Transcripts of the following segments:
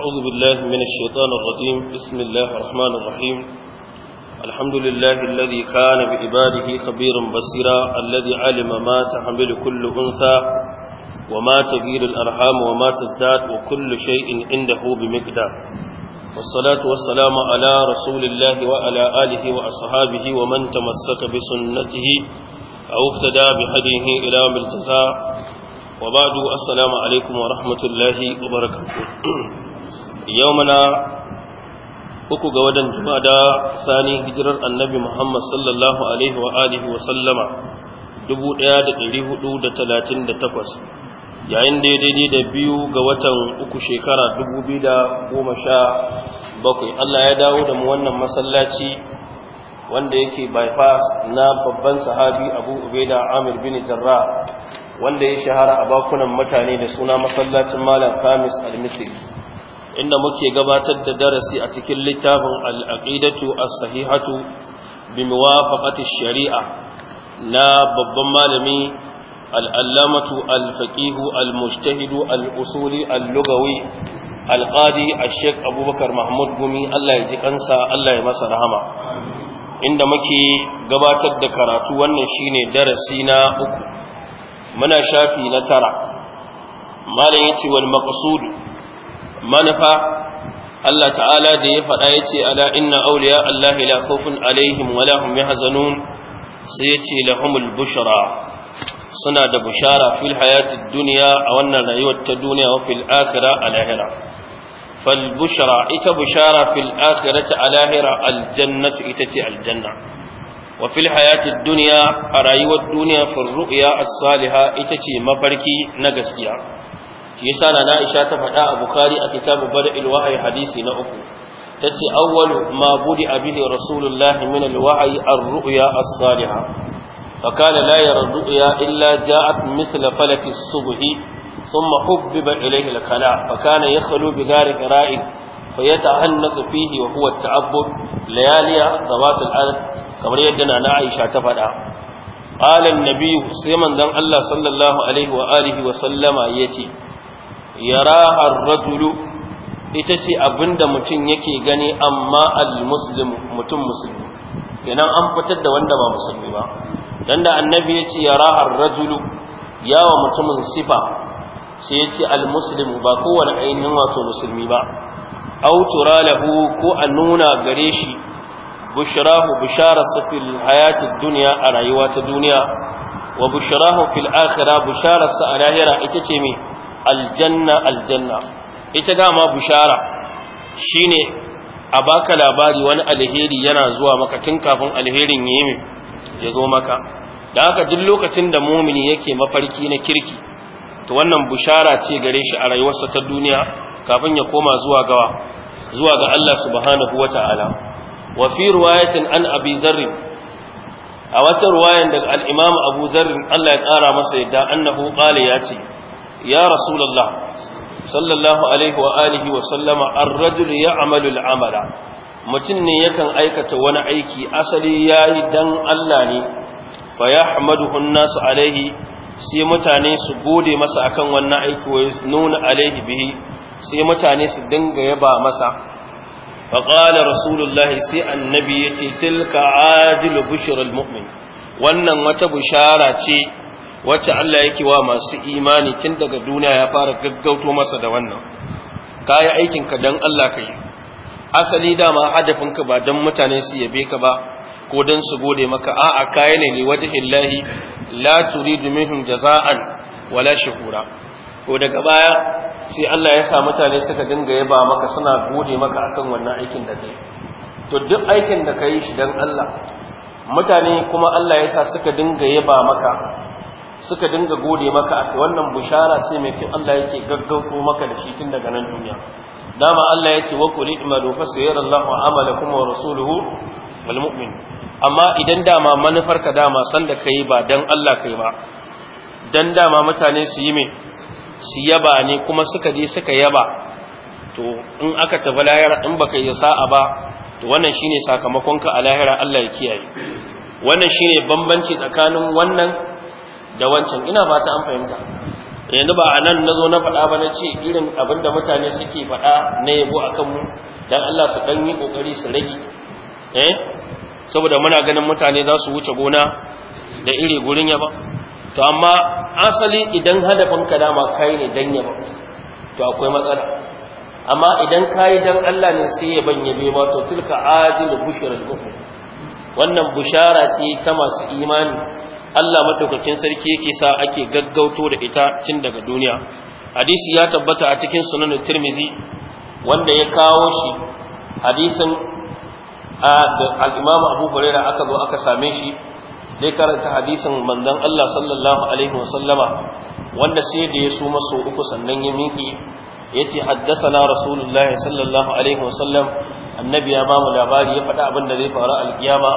أعوذ بالله من الشيطان الرجيم بسم الله الرحمن الرحيم الحمد لله الذي كان بإباده خبيرا بصيرا الذي علم ما تحمل كل أنثى وما تغير الأرحام وما تزداد وكل شيء عنده بمقدار والصلاة والسلام على رسول الله وعلى آله وأصحابه ومن تمسك بسنته أو اقتدى بهديه إلى ملتزا وبعد السلام عليكم ورحمة الله وبركاته yau mana uku ga wadan jumada sani hijirar annabi muhammad sallallahu alaihi wa alihi wa sallama 1438 yayin daidai da biyu ga watan uku shekara 2017 allah ya dawo da mu wannan masallaci wanda yake bypass na babban sahabi abu ubaida amir bin jarrah wanda ya shahara a bakunan mutane da suna masallacin malam khamis al-misri inda muke gabatar da darasi a cikin littafin al'aƙidatu a sahihatu bi muwafaqati shari'a na babban malami al'allamatu al faƙihu al-mujtahidu al-usuli al-lugawi al-qadi a sheikh abubakar mahmud gumi Allah ya ji kansa Allah ya masa rahama inda muke gabatar da karatu wannan shine darasi na uku muna shafi na tara malam yace wal manufa Allah ta'ala da ya faɗa ya ce ala inna auliya Allah la khawfun alaihim wa lahum yahzanun sai ya ce lahumul bushra suna da bushara fil hayatid dunya a wannan rayuwar ta duniya wa fil akhirah a lahira fal bushra ita bushara fil akhirati a lahira al ita ce aljanna. janna wa fil hayatid dunya a rayuwar duniya fil ru'ya as-salihah ita ce mafarki na gaskiya shi yasa na Aisha ta faɗa a Bukhari a kitabu Bada'il Wahyi hadisi na uku tace awwalu ma budi abihi rasulullahi min al-wahyi ar-ru'ya as-salihah fa kana la yara ruya illa ja'at mithla falak as-subhi thumma hubbiba ilayhi al-khala fa kana yakhlu bi ghari ra'id فيتعنث فيه وهو التعبد ليالي ذوات الأرض كما يدنا نعيشة تفدا قال النبي سيمن دان الله صلى الله عليه وآله وسلم يتي yaraha ar-rajulu ita ce abinda mutum yake gani amma al-muslim mutum musulmi kenan an fitar da wanda ba musulmi ba dan da annabi ya ce yaraha ar-rajulu yawa mutumin sifa sai ya ce al muslim ba kowane ainihin wato musulmi ba aw turalahu ko a nuna gare shi bushrahu bushara fil hayati dunya a rayuwa ta duniya wa bushrahu fil akhirah bushara sa a ita ce me aljanna aljanna ita dama bishara shine a baka labari wani alheri yana zuwa maka tun kafin alherin yemi ya zo maka da haka duk lokacin da mumini yake mafarki na kirki to wannan bishara ce gare shi a rayuwarsa ta duniya kafin ya koma zuwa gawa zuwa ga Allah subhanahu wata'ala wa fi riwayatin an abi dharr a wata riwayan daga al-imam abu dharr Allah ya kara masa yadda annahu qala yace ya rasulullah sallallahu alaihi wa wa sallama ar-rajul ya'malu amala mutum ne yakan aikata wani aiki asali yayi dan Allah ne fa yahmaduhu an-nas Alayhi, sai mutane su gode masa akan wannan aiki wa nuna alaihi bihi sai mutane su dinga yaba masa fa qala rasulullahi sai annabi yace tilka ajilu bushrul mu'min wannan wata bushara ce wacce Allah yake wa masu imani tun daga duniya ya fara gaggauto masa da wannan kayi aikinka don Allah ka yi asali dama hadafinka ba don mutane su yabe ka ba ko don su gode maka a'a kayi ne ne wajen illahi la turidu minhum jaza'an wala shukura ko daga baya sai Allah ya sa mutane suka dinga yaba maka suna gode maka akan wannan aikin da kai to duk aikin da ka yi shi don Allah mutane kuma Allah ya sa suka dinga yaba maka suka dinga gode maka a wannan bushara sai mai kin Allah yake gaggauto maka da shi tun daga nan duniya dama Allah yake wa kulli imalu fa wa amalakum wa rasuluhu wal mu'min amma idan dama manufar ka dama san da kai ba dan Allah kai ba dan dama mutane su yi me su yaba ne kuma suka je suka yaba to in aka tafi lahira in baka yi sa'a ba to wannan shine sakamakon ka a lahira Allah ya kiyaye wannan shine bambanci tsakanin wannan da wancan ina bata an fahimta yanzu ba a nan na zo na faɗa ba na ce irin abin da mutane suke faɗa na yabo a kanmu don Allah su ɗan yi ƙoƙari su rage eh saboda muna ganin mutane za su wuce gona da iri gurin yaba to amma asali idan hadafin ka dama kai ne dan yaba to akwai matsala amma idan kayi dan Allah ne sai ya banye bai ba to tilka ajil bushral wannan bushara ce ta masu imani Allah madaukakin sarki yake sa ake gaggauto da ita tun daga duniya hadisi ya tabbata a cikin sunan tirmizi wanda ya kawo shi hadisin al-imam abu hurairah aka zo aka same shi sai karanta hadisin manzon Allah sallallahu alaihi wasallama wanda sai da ya su maso uku sannan ya miki. yace haddathana rasulullahi sallallahu alaihi wasallam annabi ya ba mu labari ya faɗa abin da zai faru alkiyama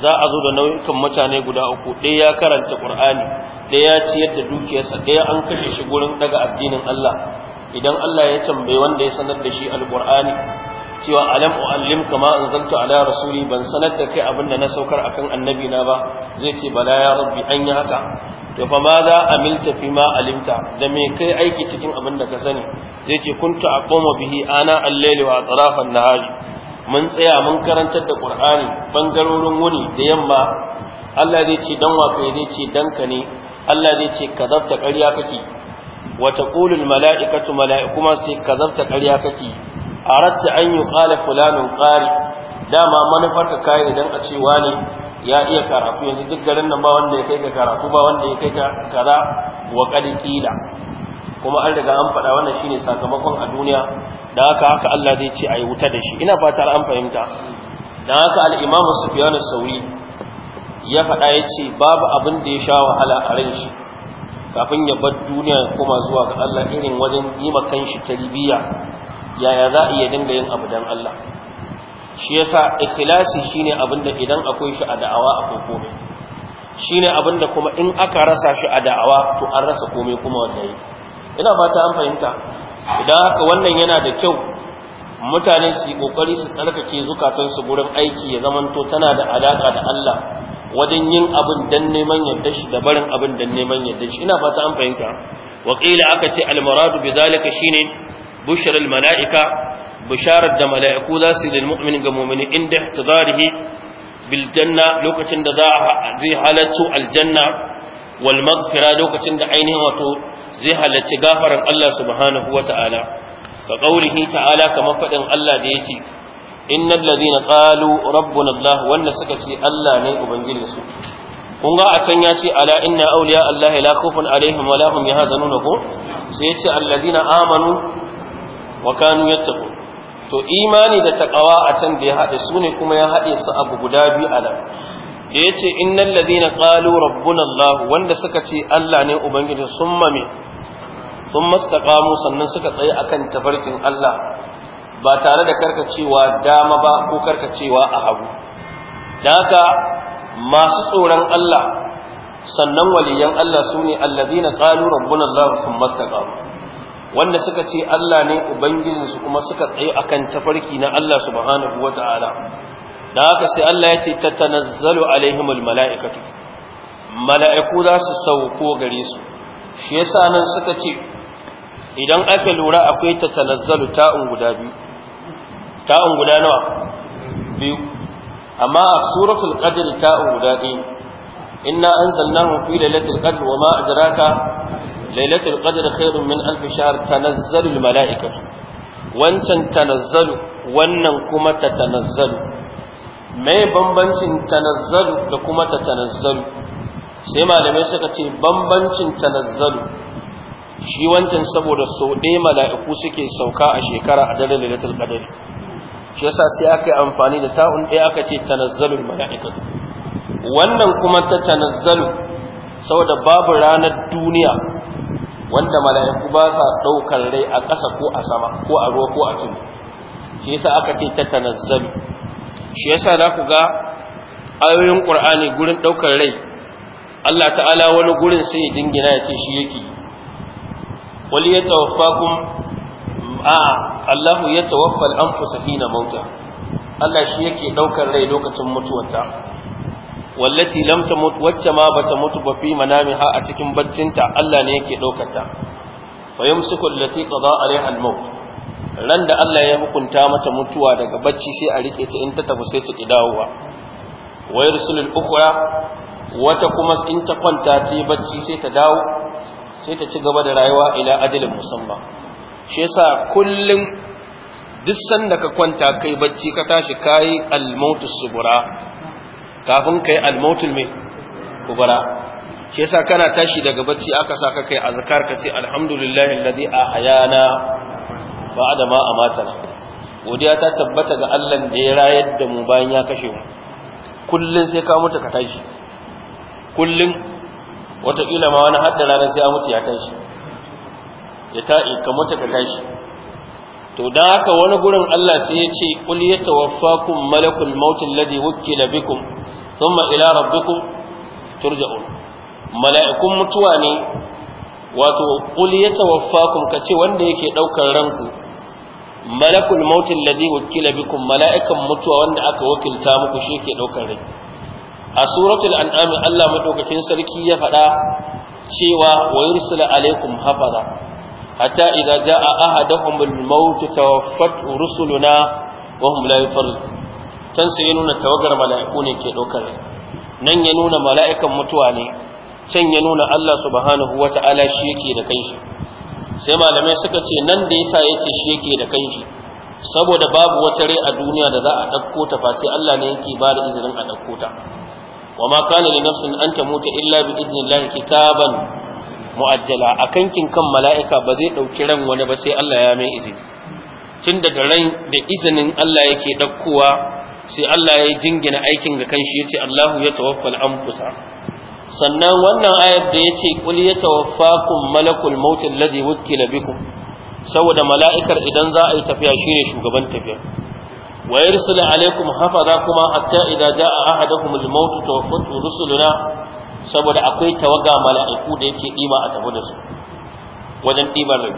za a zo da nau'ikan mutane guda uku ɗaya ya karanta ƙur'ani ɗaya ya ciyar da dukiyarsa ɗaya an kashe shi gurin daga addinin Allah idan Allah ya tambayi wanda ya sanar da shi alƙur'ani cewa alam u'allim kama anzaltu ala rasuli ban sanar da kai abinda na saukar akan annabi na ba zai ce bala ya rabbi an yi haka to fa ma za amilta fi ma alimta da me kai aiki cikin abinda ka sani zai ce kuntu aqumu bihi ana al-layli wa atrafan nahari mun tsaya mun karantar da ƙur'ani ɓangarorin wuni da yamma Allah zai ce dan waka zai ce dan ka ne Allah zai ce kazabta ƙarya kake wa taqulu al mala'ikatu mala'iku ma sai kazabta ƙarya kake aratta an yi yuqala fulanun qari dama manufar ka kai idan a ce wani ya iya karatu yanzu duk garin nan ba wanda ya kai ka karatu ba wanda ya kai ka kaza wa kila kuma an riga an faɗa wannan shine sakamakon a duniya da haka haka Allah zai ce a yi wuta da shi ina fatar an fahimta da haka al'imamu sufiyanu sauri ya faɗa ya ce babu abin da ya sha wahala a ran shi kafin ya bar duniya ya koma zuwa ga Allah irin wajen yi makan shi tarbiyya yaya za a iya dinga yin abu don Allah shi yasa ikhlasi shine abin da idan akwai shi a da'awa akwai komai shine abin da kuma in aka rasa shi a da'awa to an rasa komai kuma wallahi ina fata an fahimta idan haka wannan yana da kyau mutane su yi kokari su tsarkake su gurin aiki ya zamanto tana da alaka da Allah wajen yin abin dan neman yadda shi da barin abin dan neman yadda shi ina fata an fahimta wa qila aka ce al muradu bi zalika shine bushra al malaika bisharar da malaiku za su lil mu'min ga mu'mini inda ihtidarihi bil janna lokacin da za zai halatu al janna wal maghfira lokacin da ainihin wato zai halarci gafaran Allah subhanahu wata'ala ka qaulihi ta'ala kamar faɗin Allah da yace innal ladina qalu rabbuna Allah wanda suka ce Allah ne ubangijin su kun ga a ya ce ala inna awliya Allah la khawfun alaihim wa la hum yahzanun ko sai ya ce alladina amanu wa kanu to imani da taqwa a can da ya haɗe su ne kuma ya haɗe su abu guda biyu a da ya ce innan ladina ƙalu rabbun wanda suka ce Allah ne Ubangiji sun mame sun mastaƙamu sannan suka tsaye akan tafarkin Allah ba tare da karkacewa dama ba ko karkacewa a hagu da haka masu tsoron Allah sannan waliyan Allah su ne allazina ƙalu rabbun Allah sun mastaƙamu wanda suka ce Allah ne Ubangijinsu kuma suka tsaye akan tafarki na Allah subhanahu wa ta'ala da haka sai Allah ya ce tatanazzalu alaihimul mala'ikatu mala'iku za su sauko gare su shi yasa nan suka ce idan aka lura akwai tatanazzalu ta'un guda biyu ta'un guda nawa biyu amma a suratul qadr ta'un guda ɗaya inna anzalnahu fi lailatul qadr wa ma adraka lailatul qadr khairun min alf shahr tanazzalul mala'ikatu wancan tanazzalu wannan kuma tatanazzalu mai bambancin tanazzalu da kuma ta tanazzalu sai malamai suka ce bambancin tanazzalu shi wancan saboda sau ɗaya mala'iku suke sauka a shekara a dalilin lalatul qadari shi yasa sai aka yi amfani da ta'un ɗaya aka ce tanazzalul mala'ikatu wannan kuma ta tanazzalu saboda babu ranar duniya wanda mala'iku ba sa ɗaukar rai a ƙasa ko a sama ko a ruwa ko a tudu shi yasa aka ce ta tanazzalu shi yasa za ku ga ayoyin ƙur'ani gurin ɗaukar rai Allah ta'ala wani gurin sai ya dingina ya ce shi yake wali ya tawaffakum a Allahu ya tawaffa al-anfusa hina mauta Allah shi yake ɗaukar rai lokacin mutuwarta wallati lamta mutu, wacce ma bata mutu ba fi ha a cikin baccinta Allah ne yake ɗaukar ta fa yumsiku allati qada alaiha al-maut ran da Allah ya hukunta mata mutuwa daga bacci sai a rike ta in ta tafi sai ta ki dawowa wa yursulul ukhra wata kuma in ta kwanta ta yi bacci sai ta dawo sai ta ci gaba da rayuwa ila adalin musamman shi yasa kullum duk sanda ka kwanta kai bacci ka tashi kai al-mautus subura kafin kai al mai kubara shi yasa kana tashi daga bacci aka saka kai azkar ce alhamdulillahi alladhi ahyana ba a ma a matsala. godiya ta tabbata ga Allah da ya rayar da mu bayan ya kashe mu kullun sai ka mutu ka tashi kullun wataƙila ma wani hadda ranar sai ya mutu ya tashi ya ta'i ka mutu ka tashi to dan haka wani gurin Allah sai ya ce qul yatawaffakum malakul maut alladhi wukkila bikum thumma ila rabbikum turja'un mala'ikun mutuwa ne wato qul yatawaffakum kace wanda yake daukar ranku malakul mautin ladhi wukila bikum mala'ikan mutuwa wanda aka wakilta muku shi ke daukar rai a suratul an'am Allah madaukakin sarki ya faɗa cewa wa yursilu alaikum hafaza hatta idza jaa ahaduhumul maut tawaffat rusuluna wa hum la yufarriqun tan sai ya nuna tawagar mala'iku ne ke daukar rai nan ya nuna mala'ikan mutuwa ne can ya nuna Allah subhanahu wata'ala shi yake da kanshi sai malamai suka ce nan da yasa yace shi yake da kanshi saboda babu wata rai a duniya da za a ɗauko ta face Allah ne yake ba da izinin a dauko ta wa ma kana li nafsin an tamuta illa bi idnillahi kitaban mu'ajjala akan kin kan mala'ika ba zai ɗauki ran wani ba sai Allah ya mai izini tun da ran da izinin Allah yake ɗaukowa sai Allah ya jingina aikin ga kanshi yace Allahu ya tawaffal anfusa sannan wannan ayar da ya yace qul yatawaffakum malakul maut ladi wakila bikum saboda mala'ikar idan za a yi tafiya shine shugaban tafiya. wa yursilu alaikum za kuma hatta idza jaa ahadakum al-maut tawaffatu rusuluna saboda akwai tawaga mala'iku da yake ɗima a tafi da su wajen dibar rai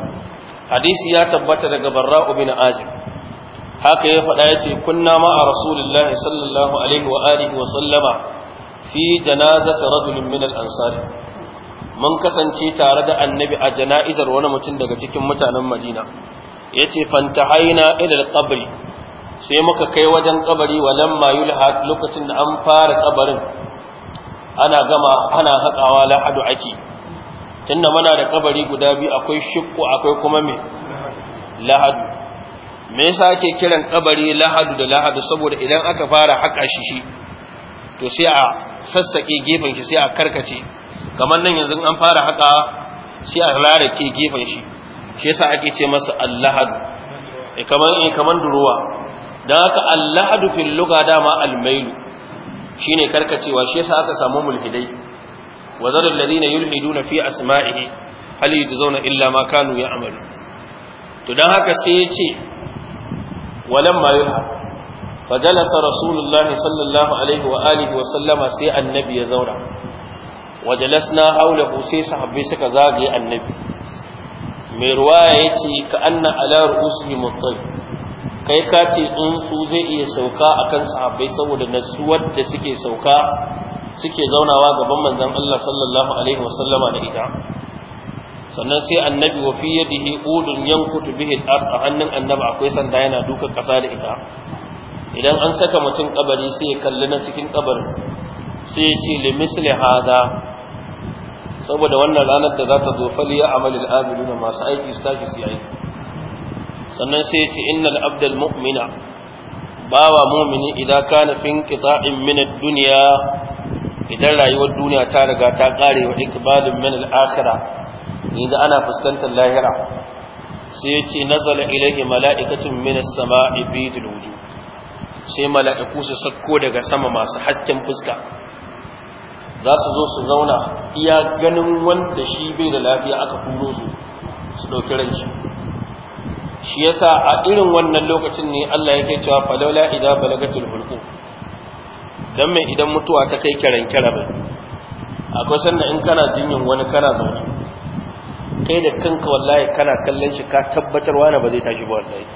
hadisi ya tabbata daga barra'u bin azib haka ya faɗa ya ce, kunna ma a rasulullahi sallallahu alaihi wa alihi wa sallama fi janazati rajulin min al-ansari mun kasance tare da annabi a jana'izar wani mutum daga cikin mutanen madina yace fantahaina ila al-qabr sai muka kai wajen kabari walamma yulha lokacin da an fara kabarin ana gama ana hakawa lahadu aki tunda muna da kabari guda biyu akwai shiqqu akwai kuma me lahadu me yasa ake kiran kabari lahadu da lahadu saboda idan aka fara haka shi to sai a sassaƙe gefen shi sai a karkace kamar nan yanzu an fara haka sai a rarake gefen shi shi yasa ake ce masa allahadu eh, kamar e, kamar durowa don haka allahadu fil luga dama almailu shine karkacewa shi yasa aka samu mulhidai wa zarar alladhina yulhiduna fi asma'ihi hal yujzauna illa ma kanu ya'malu to don haka sai ya ce walamma yulhad فجلس رسول الله صلى الله عليه وآله وسلم سي النبي يزورا وجلسنا حوله سي صحابي سكا زاغي النبي mai ruwaya ya ce ka anna ala yi mutum kai ka ce tsuntsu zai iya sauka kan sahabbai saboda nasuwar da suke sauka suke zaunawa gaban manzan Allah sallallahu alaihi wasallama da ita sannan sai annabi wa fiye da udun yankutu bihi al a hannun annabi akwai sanda yana duka kasa da ita idan an saka mutum kabari sai ya kalli na cikin kabarin sai ya ce limisli hada saboda wannan ranar da za ta zo fali ya amali al'amilu na masu aiki su tafi su aiki sannan sai ya ce innal abdal mu'mina bawa mu'mini idan kana fin qita'in min ad-dunya idan rayuwar duniya ta riga ta kare wa ikbalin min al-akhirah idan ana fuskantar lahira sai ya ce nazala ilaihi mala'ikatun min as-sama'i bidul wujuh sai mala'iku su sakko daga sama masu hasken fuska za su zo su zauna iya ganin wanda shi bai da lafiya aka kuro su su ɗauki ranci shi ya sa a irin wannan lokacin ne Allah yake cewa falola idan balagatul hulku Don mai idan mutuwa ta kai kiran kira bai akwai sannan in kana jinyin wani kana zaune kai da kanka wallahi kana kallon shi ka tabbatarwa wani ba zai tashi ba wallahi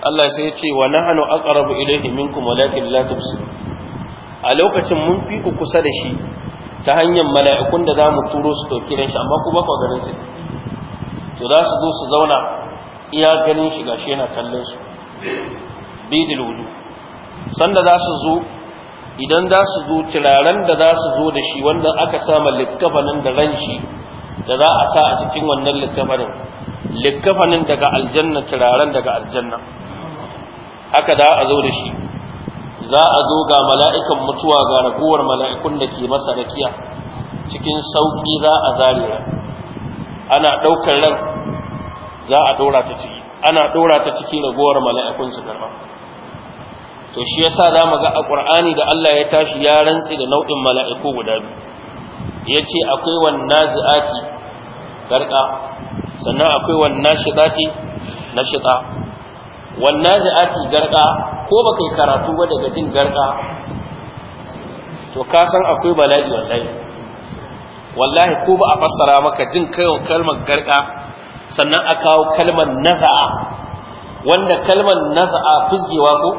Allah sai ya ce wa nahnu aqrabu ilayhi minkum walakin la tubsir a lokacin mun fi ku kusa da shi ta hanyar mala'ikun da zamu turo su dauki ran shi amma ku ba ku ganin su to za su zo su zauna iya ganin shi gashi yana kallon su bidil wudu sanda za su zo idan za su zo turaren da za su zo da shi wanda aka sama likkafanin da ran shi da za a sa a cikin wannan likkafanin likkafanin daga aljanna turaren daga aljanna aka da a zo da shi za a zo ga mala'ikan mutuwa ga ragowar mala'ikun da ke masa rakiya cikin sauƙi za a zariya ana ɗaukar ran za a ɗora ta ciki ana ɗora ta ciki ragowar mala'ikun su garba to shi yasa za mu ga a ƙur'ani da Allah ya tashi ya rantsi da nau'in mala'iku guda biyu ya ce akwai wannan zi'ati garka sannan akwai wannan shiɗati na wannan za'ati garka ko ba karatu ba daga jin garka to ka san akwai bala'i wallahi wallahi ko ba a fassara maka jin kayan kalmar garka sannan a kawo kalmar naza'a wanda kalmar naza'a fusgewa ko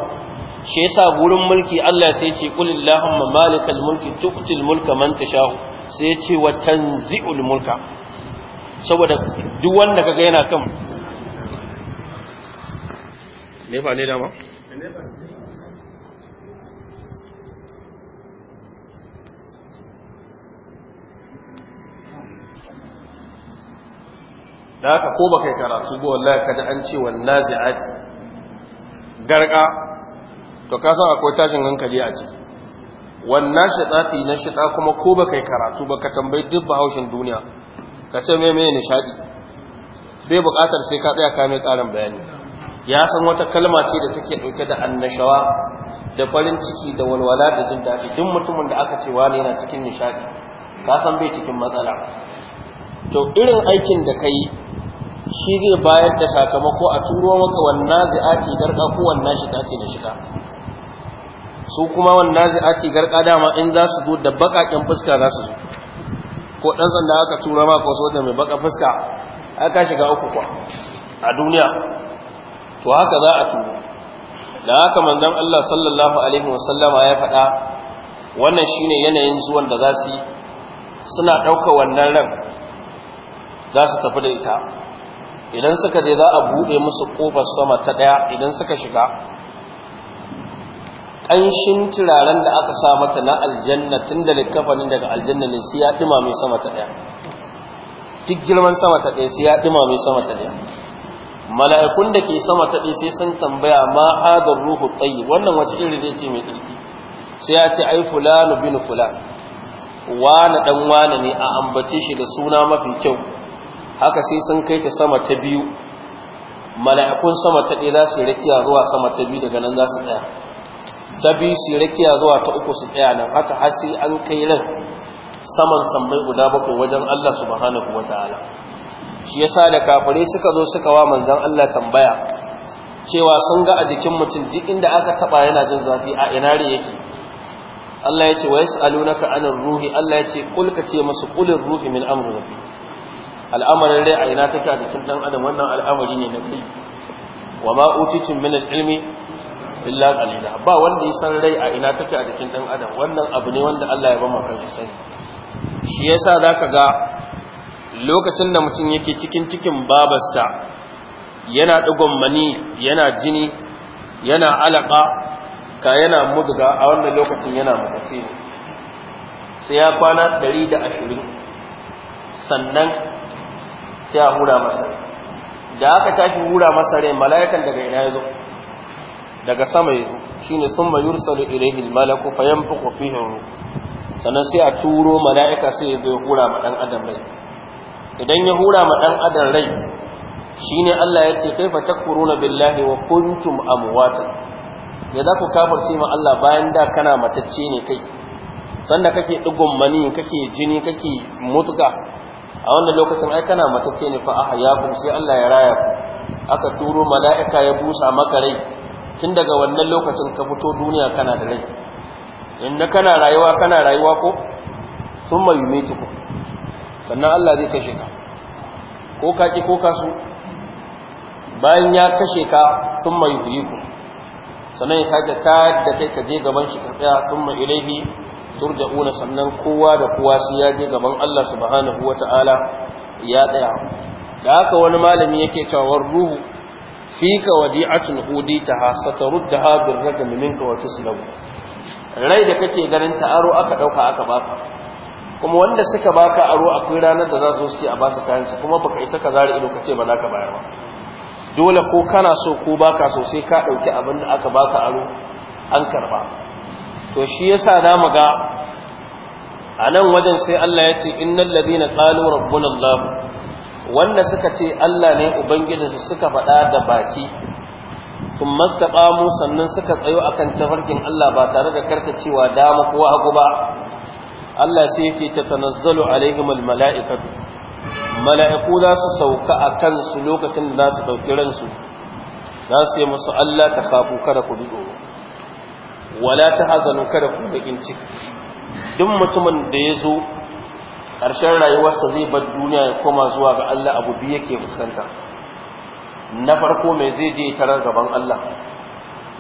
shi yasa gurin mulki Allah sai ce kulillahumma, malikal mulki tuqtil mulka man tasha sai ce wa tanzi'ul mulka saboda duk wanda kaga yana kan nefa ne dama? da aka ko ba kai karatu ba wallahi kada an ce wan nazi'at garga to ka sa akwai tashin hankali a ciki wan na nashita kuma ko ba kai karatu ba ka tambayi duk bahaushin duniya ka ce me me nishadi bai buƙatar sai ka tsaya ka mai ƙarin bayani ya san wata kalma ce da take dauke da annashawa da farin ciki da walwala da jin daɗi duk mutumin da aka ce wani yana cikin nishaɗi ka san bai cikin matsala to irin aikin da ka yi shi zai bayar da sakamako a turo maka wannan zi'ati garka ko wannan shiga ce da shiga su kuma wannan zi'ati garka dama in za su zo da bakakin fuska za su zo ko dan sanda aka tura maka wasu da mai baka fuska aka shiga uku kwa a duniya to haka za a tuba da haka manzon Allah sallallahu alaihi wasallama ya faɗa wannan shine yanayin zuwan da za su yi, suna ɗauka wannan ran za su tafi da ita idan suka je za a buɗe musu ƙofar sama ta ɗaya idan suka shiga ƙanshin turaren da aka sa mata na aljanna tun da likafanin daga aljanna ne sai ya ɗima mai sama ta ɗaya duk girman sama ta ɗaya sai ya ɗima mai sama ta ɗaya mala'ikun da ke sama ta ɗi sai sun tambaya ma hadar ruhu tsayi wannan wace iri ne ce mai ɗirki? sai ya ce ai fulanu bin fulan wane ɗan wane ne a ambace shi da suna mafi kyau haka sai sun kai ta sama ta biyu mala'ikun sama ta ɗi za su yi rakiya zuwa sama ta biyu daga nan za su tsaya ta biyu su yi rakiya zuwa ta uku su ɗaya nan haka har sai an kai ran saman sambai guda bakwai wajen Allah subhanahu wa ta'ala shi yasa da kafirai suka zo suka wa manzon Allah tambaya cewa sun ga a jikin mutum duk inda aka taba yana jin zafi a ina re yake Allah ya ce wa yas'alunaka anir ruhi Allah ya ce kul ka ce musu kulir ruhi min amri rabbi al'amarin rai a ina take a jikin dan adam wannan al'amari ne na kai wa ma utitum min al-ilmi illa qalila ba wanda ya san rai a ina take a jikin dan adam wannan abu ne wanda Allah ya ba maka sani shi yasa zaka ga lokacin da mutum yake cikin cikin babarsa yana ɗigon mani yana jini yana alaƙa ka yana mudga a wannan lokacin yana makace ne sai ya kwana 120 da ashirin sannan sai a hura masa da aka tashi hura masa rai mala'ikan daga ina ya daga sama yazo zo shi ne sun mayur salu ilaihin malaku fayan fi sannan sai a turo mala'ika sai ya hura ma ɗan adam rai idan ya hura ma dan adam rai shine Allah ya ce kaifa takfuruna billahi wa kuntum amwatan ya za ku kafirce ma Allah bayan da kana matacce ne kai sanda kake digon mani kake jini kake mutuka a wannan lokacin ai kana matacce ne fa ahyakum sai Allah ya raya ku aka turo mala'ika ya busa maka rai tun daga wannan lokacin ka fito duniya kana da rai inda kana rayuwa kana rayuwa ko Sun summa yumitukum sannan Allah zai kashe ka ko ka ki ko ka bayan ya kashe ka sun mai ku sannan ya sake ta da kai ka je gaban shi ka tsaya sun mai ilaihi una. sannan kowa da kowa sai ya je gaban Allah subhanahu ta'ala ya tsaya da haka wani malami yake cewa ruhu fika wadi'atun uditaha sataruddaha birrajmi minka wa tuslamu rai da kake ganin ta aro aka ɗauka aka baka kuma wanda suka baka aro akwai ranar da za su ce a basu kayan su kuma baka isa ka zare ido kace ce ba za ka bayar ba dole ko kana so ko baka so sai ka dauki abin da aka baka aro an karba to shi yasa da mu ga a nan wajen sai Allah ya ce innal ladina qalu rabbuna Allah wanda suka ce Allah ne su suka faɗa da baki sun mastaba mu sannan suka tsayo akan tafarkin Allah ba tare da karkacewa dama ko hagu ba Allah sai yake ta tanazzalu alaihim almala'ikatu mala'iku za su sauka a su lokacin da za su dauki ransu za su yi musu Allah ta kafu kada ku dubo wala ta hazanu kada ku bakin ciki duk mutumin da ya zo ƙarshen rayuwarsa zai bar duniya ya koma zuwa ga Allah abu biyu yake fuskanta na farko mai zai je tarar gaban Allah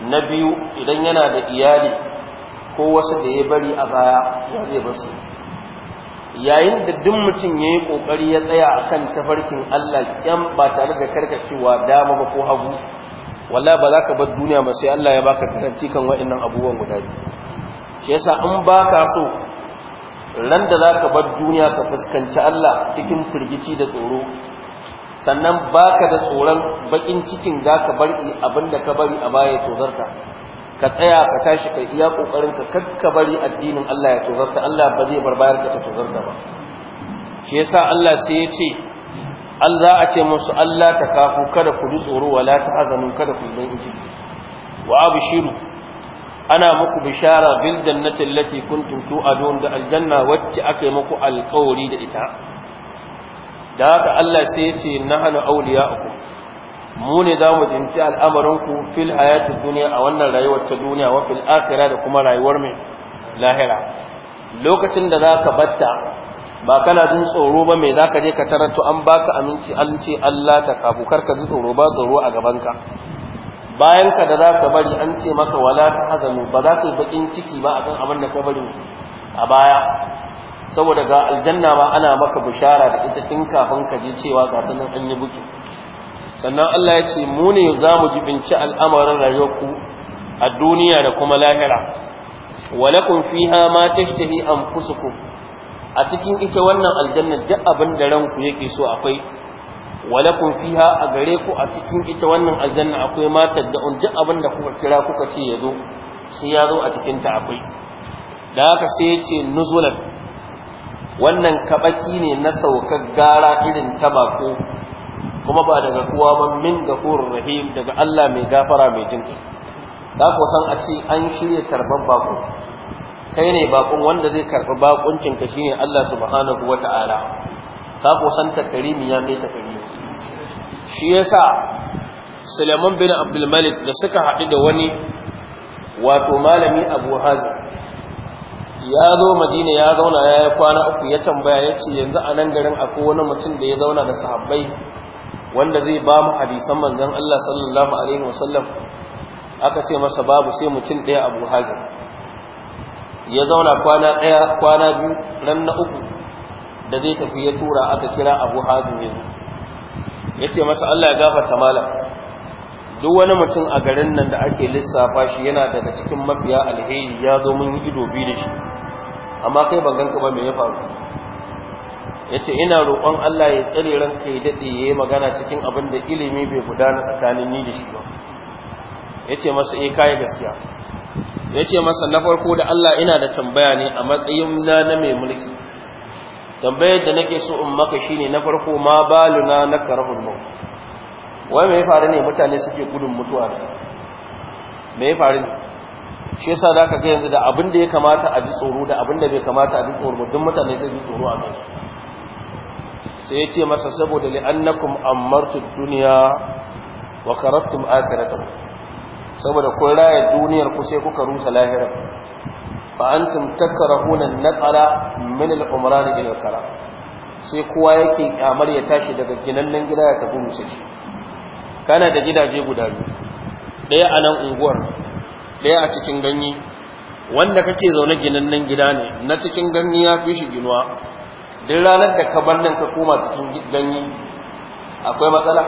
na biyu idan yana da iyali ko wasu da ya bari a baya ya zai basu yayin da duk mutum ya yi ƙoƙari ya tsaya a kan tafarkin Allah ƙyan ba tare da karkacewa dama ba ko hagu wallah ba za ka bar duniya ba sai Allah ya baka garanti kan waɗannan abubuwan guda biyu shi yasa in ba ka so ran da za ka bar duniya ka fuskanci Allah cikin firgici da tsoro sannan baka da tsoron baƙin cikin za ka bari abin ka bari a baya tozarta ka tsaya ka tashi ka iya kokarin ka kakka bari addinin Allah ya tozarta Allah ba zai bar bayar ka ta tozarta ba shi yasa Allah sai ya ce an za a ce musu Allah ta kafu kada ku ji tsoro wala ta azanu kada ku yi ciki wa abshiru ana muku bishara bil jannati allati kuntum tu'adun da aljanna wacce aka yi muku alƙawari da ita da haka Allah sai ya ce nahnu awliya'ukum mu ne za mu jimci al'amarinku fil hayatun duniya a wannan rayuwar ta duniya wa fil akhirah da kuma rayuwar mai lahira lokacin da za ka batta ba kana jin tsoro ba mai za ka je ka taranto an baka aminci an ce Allah ta kafu karka ji tsoro ba tsoro a gabanka bayan ka da zaka bari an ce maka wala ta azamu ba za ka yi bakin ciki ba akan abin da ka bari a baya saboda ga aljanna ma ana maka bishara da ita tun kafin ka je cewa ga tunan an yi buki sannan Allah ya ce mu ne za mu jibinci al'amarin rayuwarku a duniya da kuma lahira walakun fiha ma an anfusukum a cikin ita wannan aljanna duk abin da ranku yake so akwai walakun fiha a gare ku a cikin ita wannan aljanna akwai matar da duk abin da kuka kira kuka ce ya zo sai ya zo a cikin ta akwai da haka sai ya ce nuzulan wannan kabaki ne na saukar gara irin ta bako kuma ba daga kowa ba min gafurur rahim daga Allah mai gafara mai jin kai da san a ce an shirya tarban bakon. kai ne bakon wanda zai karɓi bakuncin ka shine Allah subhanahu wataala ka ko san takarimi ya mai takarimi shi yasa Sulaiman bin Abdul Malik da suka haɗu da wani wato malami Abu Hazim ya zo Madina ya zauna ya yi kwana uku ya tambaya ya ce yanzu a nan garin akwai wani mutum da ya zauna da sahabbai wanda zai ba mu hadisan manzon Allah sallallahu alaihi wasallam aka ce masa babu sai mutum ɗaya Abu Hazim ya zauna kwana ɗaya kwana biyu nan na uku da zai tafi ya tura aka kira Abu Hazim ya zo ya ce masa Allah ya gafarta malam duk wani mutum a garin nan da ake lissafa shi yana daga cikin mafiya alheri ya zo mun yi ido biyu da shi amma kai ban ganka ba me ya faru ya ce ina roƙon Allah ya tsare ranka ya daɗe ya yi magana cikin abin da ilimi bai gudana tsakanin ni da shi ba ya ce masa e eh, kayi gaskiya ya ce masa na farko da Allah ina da tambaya ne a matsayin na na mai mulki tambayar da nake so in maka ne na farko ma baluna na karfin mu wai me ya faru ne mutane suke gudun mutuwa ne me ya faru ne shi yasa ka ga yanzu da abin da ya kamata a ji tsoro da abin da bai kamata a ji tsoro duk mutane sai ji tsoro a kansu sai ya ce masa saboda li'annakum ammartud duniya wa karattum akhiratakum saboda ku raya duniyar ku sai kuka rusa lahira fa antum takrahuna an-naqala min al-umran ila al-kara sai kowa yake kamar ya tashi daga ginannen gida ya tafi musu shi kana da gidaje guda biyu daya a nan unguwar daya a cikin ganye wanda kake zaune ginannen gida ne na cikin ganye ya fi shi ginuwa din ranar da ka nan ka koma cikin ganyi akwai matsala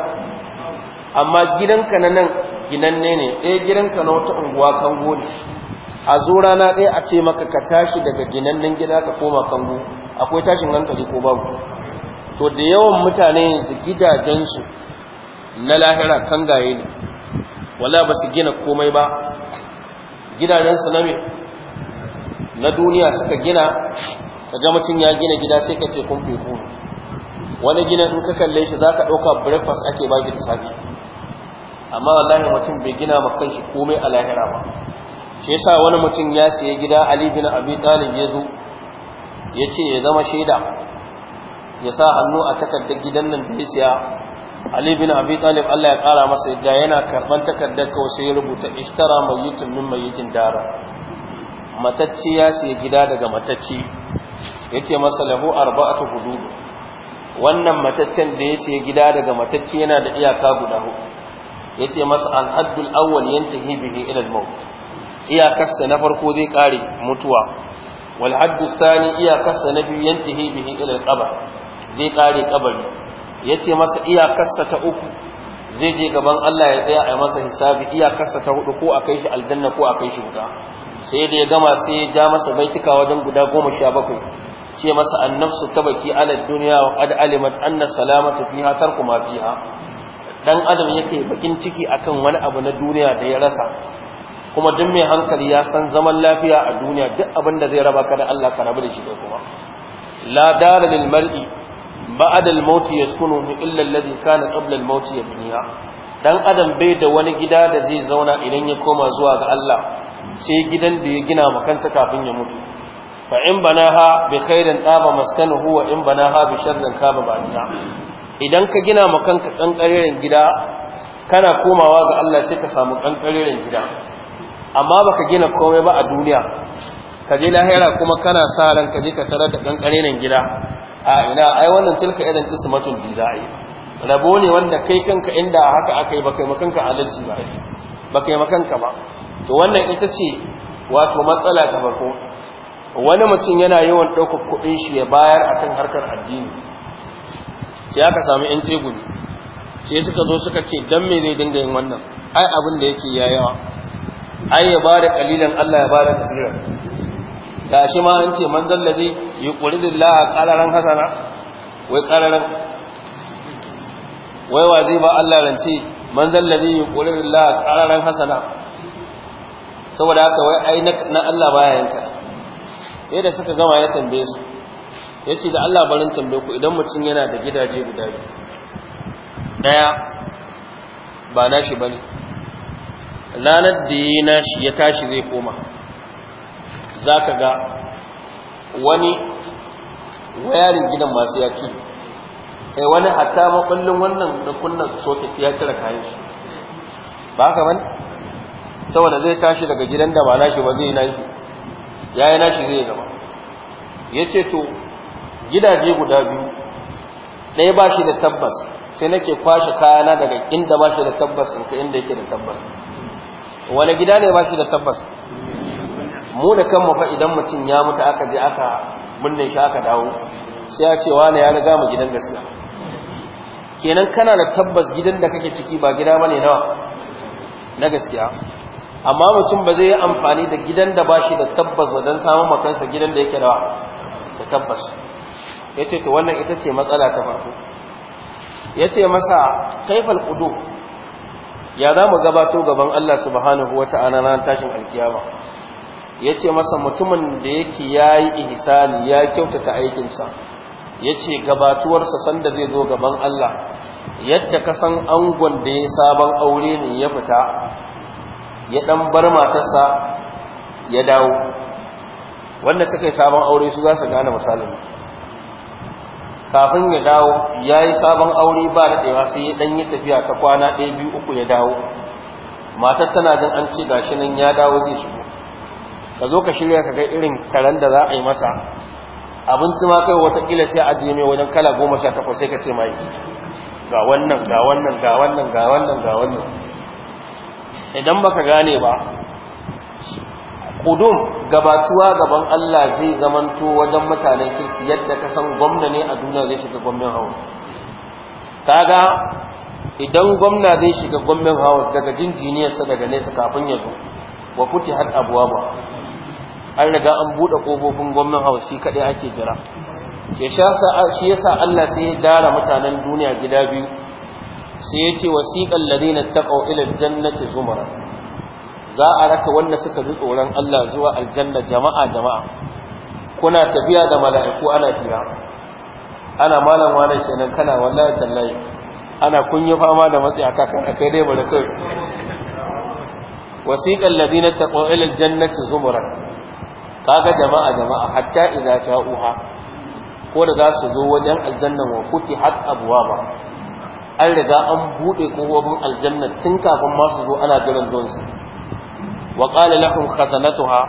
amma gidanka na nan ginanne ne ɗaya eh, gidanka na wata unguwa kango ne a zo rana ɗaya a ce maka ka tashi daga ginannen gida ka koma kango akwai tashin hankali ko babu to da yawan mutane su gidajensu na lahira kangaye ne wala ba su gina komai ba gidajensu na me na duniya suka gina kaga mutum ya gina gida sai ka kumfe feku wani gina in ka kalle shi za ka ɗauka breakfast ake baki da safi amma wallahi mutum bai gina ma kanshi komai a lahira ba shi yasa wani mutum ya siya gida Ali bin Abi ya zo ya ce ya zama shaida ya sa hannu a takardar gidan nan da ya siya Ali bin Abi Allah ya kara masa yadda yana karban takardar kawai sai ya rubuta ishtara mayyitun min mayyitin dara matacci ya siya gida daga matacci yace masa lahu arba'atu hududu wannan mataccen da ya sai gida daga matacce yana da iyaka guda hudu yace masa al-hadd al-awwal yantahi bihi ila al-maut iyakarsa na farko zai kare mutuwa wal hadd al-thani iyakarsa na biyu yantahi bihi ila al-qabr zai kare kabari yace masa iyakarsa ta uku zai je gaban Allah ya tsaya a masa hisabi iyakarsa ta hudu ko a kai shi aljanna ko a kai shi wuta sai da ya gama sai ya ja masa baituka wajen guda goma sha bakwai ce masa annafsu tabaki ala duniya wa qad alimat anna salamata fiha tarku ma fiha dan adam yake bakin ciki akan wani abu na duniya da ya rasa kuma duk mai hankali ya san zaman lafiya a duniya duk abin da zai raba ka da Allah ka rabu da shi da kuma la dara lil mar'i ba'da al maut yaskunu illa alladhi kana qabla al maut dan adam bai da wani gida da zai zauna idan ya koma zuwa ga Allah sai gidan da ya gina ma kafin ya mutu fa in bana ha bi khairin daba maskanuhu wa in bana ha bi sharrin kaba baniya idan ka gina ma kanka kankareren gida kana komawa ga Allah sai ka samu kankareren gida amma baka gina komai ba a duniya ka je lahira kuma kana sa ran ka je ka tarar da kankareren gida a ina ai wannan tilka irin kismatul jizai rabo ne wanda kai kanka inda haka aka yi ba makanka alaji ba ba yi makanka ba to wannan ita ce wato matsala ta farko wani mutum yana yawan ɗaukar kuɗin shi ya bayar a kan harkar addini sai aka sami yan tsegumi sai suka zo suka ce don me zai dinga yin wannan ai abin da yake ya yawa ai ya bada ƙalilan Allah ya bada ga shi ma an ce man zallazi la'a ƙararen hasana wai ƙararen. wai wa zai ba Allah rance man zallazi la'a ƙararen hasana saboda haka wai ai na Allah baya yanka sai da suka gama ya tambaye su yace da Allah barin tambaye ku idan mutum yana da gidaje guda daya ba nashi bane lanar da yi nashi ya tashi zai koma ka ga wani wayarin gidan masu yaki kai eh, wani hatta makullin wannan da kunnan soke ya kira kayan shi ba haka bane saboda zai tashi daga gidan da ba nashi ba zai nashi Ya yi nashi zai gaba ce to gidaje guda biyu ɗaya ba shi da tabbas sai nake kwashe kayana daga inda ba shi da tabbas in ka inda yake da tabbas wani gida ne ba shi da tabbas mu da kanmu fa idan mutum ya mutu aka je aka binne shi aka dawo sai ya ce wani ya riga mu gidan gaskiya kenan kana da tabbas gidan da kake ciki ba gida bane nawa na gaskiya amma mutum ba zai yi amfani da gidan da ba shi da tabbas ba don samun makansa gidan da yake da tabbas ya ce to wannan ita ce matsala ta farko ya ce masa kaifal kudu ya za mu gabato gaban Allah subhanahu wa ta'ala na tashin alkiyama ya ce masa mutumin da yake ya yi ihisani ya kyautata aikinsa ya ce gabatuwarsa sanda zai zo gaban Allah yadda ka san angon da ya sabon aure ne ya fita ya dan bar matarsa ya dawo wanda suka yi sabon aure su za su gane misalin kafin ya dawo ya yi sabon aure ba da ɗewa sai ya ɗan yi tafiya ta kwana ɗaya biyu uku ya dawo matar tana jin an ce gashi nan ya dawo zai shigo ka zo ka shirya ka ga irin taron da za a yi masa abinci ma kai watakila sai a mai wajen kala goma sha takwas sai ka ce mai ga wannan ga wannan ga wannan ga wannan ga wannan idan baka gane ba kudum gabatuwa gaban Allah zai zamanto wajen mutanen kirki yadda ka san gwamna ne a duniya zai shiga gwamnan hawan kaga idan gwamna zai shiga gwamnan hawan daga jinjiniyarsa daga nesa kafin ya zo wa abuwa ba? an riga an bude kofofin gwamnan hawan shi kadai ake jira ya sha shi yasa Allah sai ya dara mutanen duniya gida biyu sai ya ce wasiƙan ladina taqaw ila aljannati zumara za a raka wanda suka ji tsoron Allah zuwa aljanna jama'a jama'a kuna tafiya da mala'iku ana fira ana malam wani kenan kana wallahi tallahi ana kun fama da matsi aka kan akai dai bare kai wasiqal ladina taqaw ila aljannati zumara kaga jama'a jama'a hatta idza ta'uha ko da za su zo wajen aljanna wa futihat abwaba an riga an buɗe ƙofofin aljanna tun kafin masu zo ana jiran zuwan su wa qala lahum khazanatuha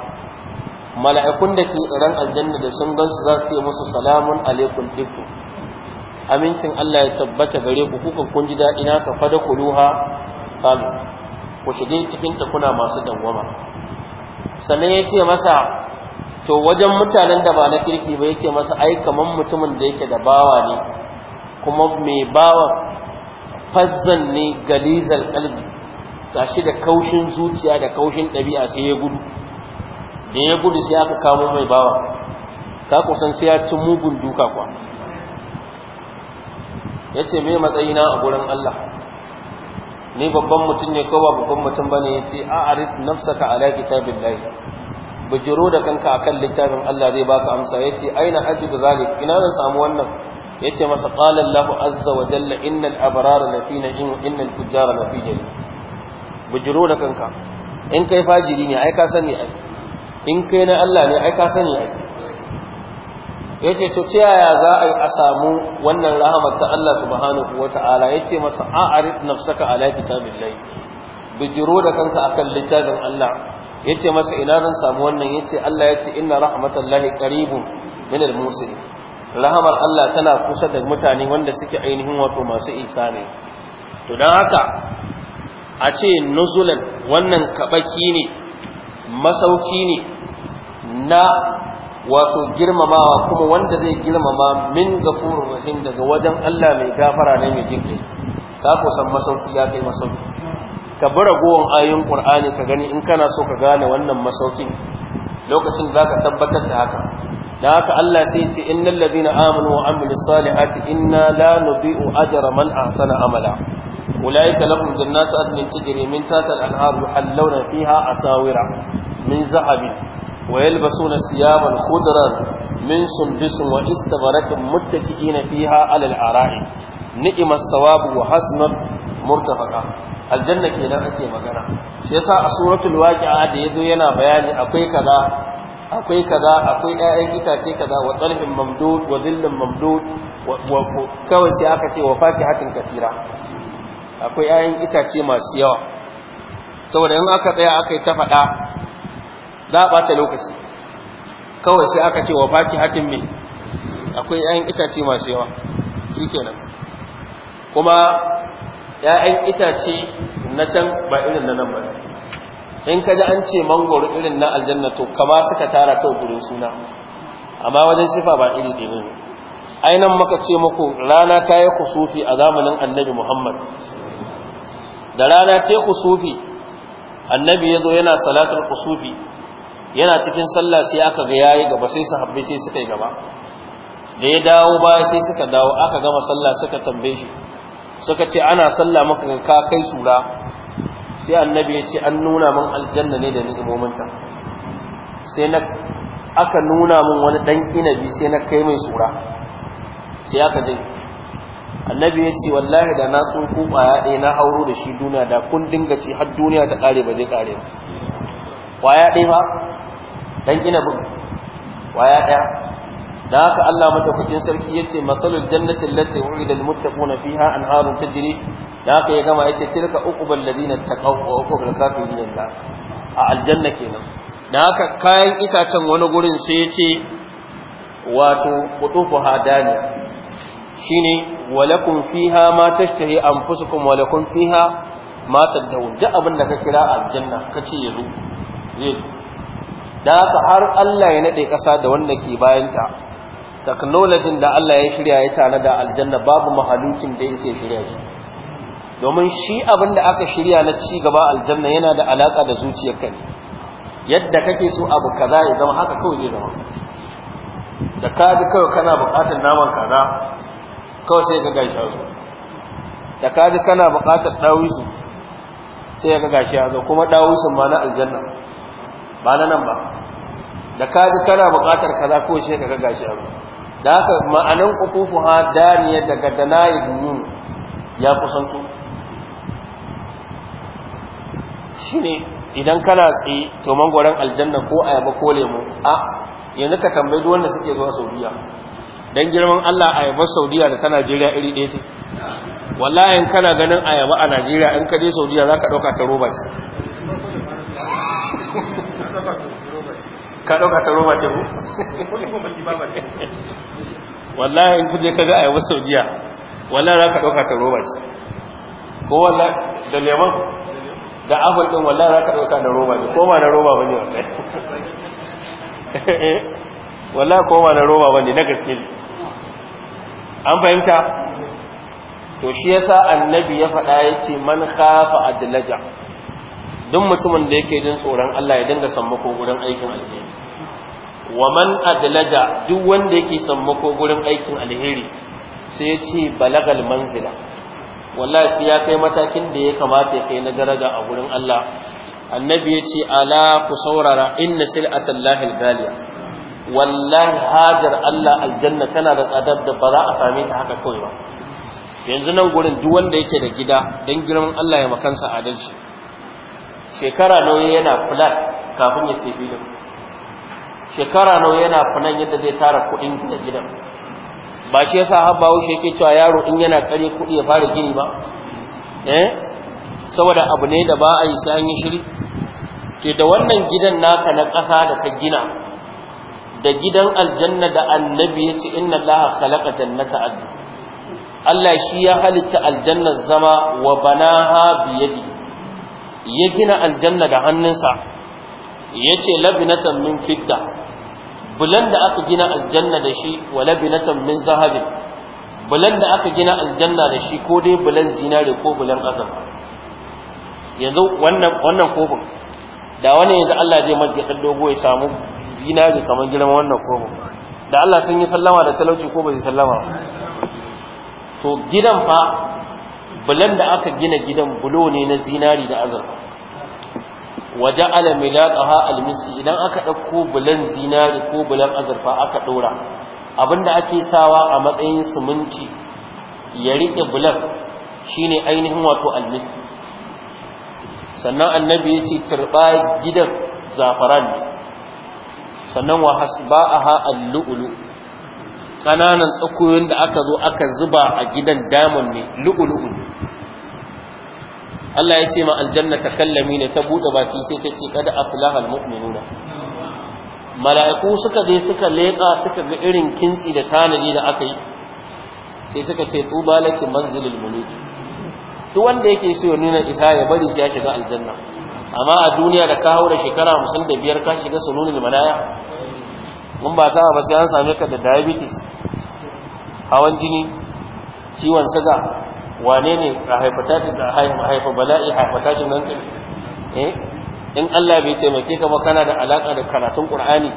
mala'ikun da ke tsaron aljanna da sun gansu za su yi musu salamun alaikum tibtu amincin Allah ya tabbata gare ku kuka kun ji daɗi na ka fada kuluha kalu ku shige cikin ta kuna masu dangwama sannan ya ce masa to wajen mutanen da ba na kirki ba ya ce masa ai kamar mutumin da yake da bawa ne kuma mai bawa fazzan ne galizar kalbi gashi da kaushin zuciya da kaushin ɗabi'a sai ya gudu da ya gudu sai aka kamo mai bawa ta kusan sai ya ci mugun duka kwa ya ce mai matsayina a gurin Allah ni babban mutum ne ko babban mutum ba ne ya ce a arid nafsaka alaƙi kitabin layi bujiro da kanka a kan littafin Allah zai baka amsa ya ce aina ajidu zalik ina zan samu wannan yace masa qala Allahu azza wa jalla innal abrara lafi na'im wa innal fujjara fi jari. bujiro da kanka in kai fajiri ne ai ka sani ai in kai na Allah ne ai ka sani ai yace to ta yaya za a yi a samu wannan rahamar ta Allah subhanahu ya ce masa a'rid nafsaka ala kitabillahi bujiro da kanka akan littafin Allah ya ce masa ina zan samu wannan ya ce Allah ya ce inna rahmatallahi qaribun min al-muslimin rahamar Allah tana kusa da mutane wanda suke ainihin wato masu isa ne to don haka a ce nuzulan wannan kabaki ne masauki ne na wato girmamawa kuma wanda zai girmama min gafurur rahim daga wajen Allah mai gafara ne mai jinkai ka kusan masauki ya kai masauki ka bi ragowar ayoyin qur'ani ka gani in kana so ka gane wannan masaukin lokacin zaka tabbatar da haka da haka Allah sai ce innal ladina amanu wa amilus salihati inna la nudhi'u ajra man ahsana amala ulaika lahum jannatu adnin tajri min tahtiha al-anhar yuhallawna fiha asawira min zahabin wa yalbasuna thiyaban khudran min sundusin wa istabarakin muttaki'ina fiha alal arai ni'mas sawabu wa hasnat murtafaqa aljanna kenan ake magana shi yasa a suratul waqi'a da yazo yana bayani akwai kaza akwai kaza akwai ƴaƴan itace kaza wa talhin mamdud wa dhillin mamdud kawai sai aka ce wa fakihatin katira akwai ƴaƴan itace masu yawa saboda in aka tsaya aka yi ta faɗa za a bata lokaci kawai sai aka ce wa fakihatin me akwai ƴaƴan itace masu yawa shikenan kuma ƴaƴan itace na can ba irin na nan ba in ka ji an ce mangoro irin na aljanna to kama suka tara kai gurin suna amma wajen sifa ba iri ɗaya ne ainan maka ce muku rana ta yi kusufi a zamanin annabi muhammad da rana ta yi kusufi annabi ya zo yana salatar kusufi yana cikin sallah sai aka ga ya yi gaba sai su habbe sai suka yi gaba da ya dawo baya sai suka dawo aka gama sallah suka tambaye shi suka ce ana sallah maka ka kai sura sai annabi ya ce an nuna min aljanna ne da ni'imominta sai na aka nuna min wani dan inabi sai na kai mai sura sai aka je annabi ya ce wallahi da na tsunku kwaya ɗaya na auro da shi duniya da kun dinga ci har duniya ta ƙare ba zai ƙare ba kwaya ɗaya ba dan inabin kwaya ɗaya da haka Allah madaukakin sarki yace masalul jannati allati wurida almuttaquna fiha anharun tajri da haka ya gama yace tilka uqbal ladina taqaw wa uqbal kafirin da a aljanna kenan da haka kayan itacen wani gurin sai yace wato qutufu hadani shine walakum fiha ma tashtahi anfusukum walakum fiha ma tadawun Da abin da ka kira aljanna kace yazo zai da haka har Allah ya nade kasa da wanda ke bayanta technology da Allah ya shirya ya tare da aljanna babu mahalukin da ya shirya shi domin shi abin da aka shirya na ci gaba aljanna yana da alaka da zuciyar kai yadda kake so abu kaza ya zama haka kawai ne. zama da ka ji kawai kana buƙatar naman kaza kawai sai ka gaisha su da ka ji kana buƙatar dawisu sai ka gashi ya zo kuma dawisun ma na aljanna ba na nan ba da ka ji kana buƙatar kaza kawai sai ka gashi ya zo da haka ma'anin ƙufufu ha daniya daga dalayi nun ya kusanto ne idan kana tsaye to mangwaron aljanna ko ayaba ko lemu a yanzu ka tambayi duk wanda suke zuwa saudiya Don girman Allah ayaba saudiya da ta najeriya iri ɗaya ce wallahi in kana ganin ayaba a najeriya in ka je saudiya za ka ɗauka ta roba ka taro ta roba ku? wallahi in kuje kaga a sau saudiya wallahi za ka ɗauka taro roba ko wallahi da leman da apple ɗin wallahi za ka ɗauka da roba ne ko ba na roba ba ne wallahi ko ba na roba ba ne na gaske an fahimta to shi yasa annabi ya faɗa yace man khafa adlaja duk mutumin da yake jin tsoron Allah ya dinga sammako gurin aikin alheri wa man adlaja duk wanda yake sammako gurin aikin alheri sai ya ce balagal manzila wallahi sai ya kai matakin da ya kamata ya kai na daraja a gurin Allah annabi ya ce ala ku saurara inna sil'atal lahil galiya wallahi hajar Allah aljanna tana da tsadar da ba za a same ta haka kawai ba yanzu nan gurin duk wanda yake da gida dan girman Allah ya makansa adalci shekara nawa yana fulan kafin ya sai filin shekara nawa yana fulan yadda zai tara kudin da gidan ba shi yasa haɓa bawo shi yake cewa yaro in yana kare kuɗi ya fara gini ba eh saboda abu ne da ba a yi sai yi shiri ke da wannan gidan naka na ƙasa da ta gina da gidan aljanna da annabi ya ce inna allaha khalaqa jannata adu Allah shi ya halitta aljannar zama wa banaha biyadi ya gina aljanna da hannunsa ya ce labinatan min fidda bulan da aka gina aljanna da shi wa labinatan min zahabin bulan da aka gina aljanna da shi ko dai bulan zinare ko bulan azam yanzu wannan wannan kofin da wani yanzu Allah zai mace ɗan dogo ya samu zinare kamar girman wannan kofin da Allah sun yi sallama da talauci ko ba zai sallama to gidan fa bulan da aka gina gidan bulo ne na zinari da azurfa waje ala ƙaha almisi idan aka ɗauko bulan zinari ko bulan azurfa aka ɗora abinda ake sawa a matsayin siminti ya riƙe bulan shine ainihin wato almisi sannan annabi yace turba gidan zafaran sannan wa hasba'aha al Kananan tsakoyin da aka zo aka zuba a gidan damon ne lu'ulu'u Allah ya ce ma aljanna ta kallami ne ta buɗe baki sai ta ce kada aflahal mu'minuna mala'iku suka je suka leƙa suka ga irin kintsi da tanadi da aka yi sai suka ce tuba laki manzilul mulki duk wanda yake so ya nuna isa ya bari sai ya shiga aljanna amma a duniya da ka haura shekara 55 ka shiga sununul manaya mun ba sa ba sai an same ka da diabetes hawan jini ciwon suga wane ne a haifata da haifa bala'i haifata shi nan eh in Allah bai taimake ka ba kana da alaka da karatun Qur'ani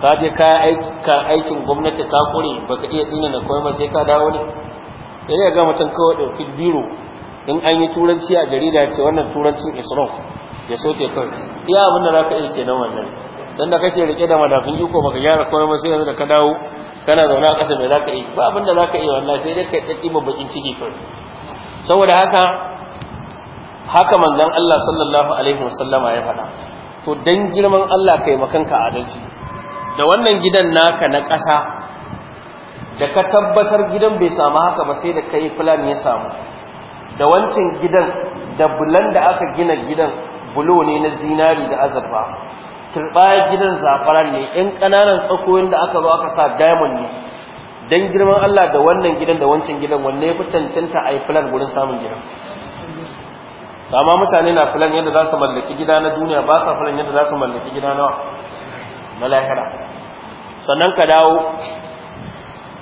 ka je ka ka aikin gwamnati ka kure baka iya dina na koyi ma sai ka dawo ne ya ga mutum kawai dauki biro in an yi turanci a jarida ce wannan turancin islam ya soke kai iya abin da zaka iya kenan wannan sanda kake rike da madafin iko baka gyara kowa ba sai yanzu da ka dawo kana zaune a ƙasa mai zaka yi ba abin da zaka yi wallahi sai dai ka ma babbakin ciki kawai saboda haka haka manzon Allah sallallahu alaihi wasallama ya faɗa to dan girman Allah kai makanka adalci da wannan gidan naka na ƙasa da ka tabbatar gidan bai samu haka ba sai da kai plan ya samu da wancan gidan da bulan da aka gina gidan bulo ne na zinari da azurfa turbaya gidan zafaran ne ɗan ƙananan tsakoyin da aka zo aka sa diamond ne don girman Allah da wannan gidan da wancan gidan wanne ya fi cancanta a yi filan wurin samun gidan dama mutane na filan yadda za su mallaki gida na duniya ba sa filan yadda za su mallaki gida na na sannan ka dawo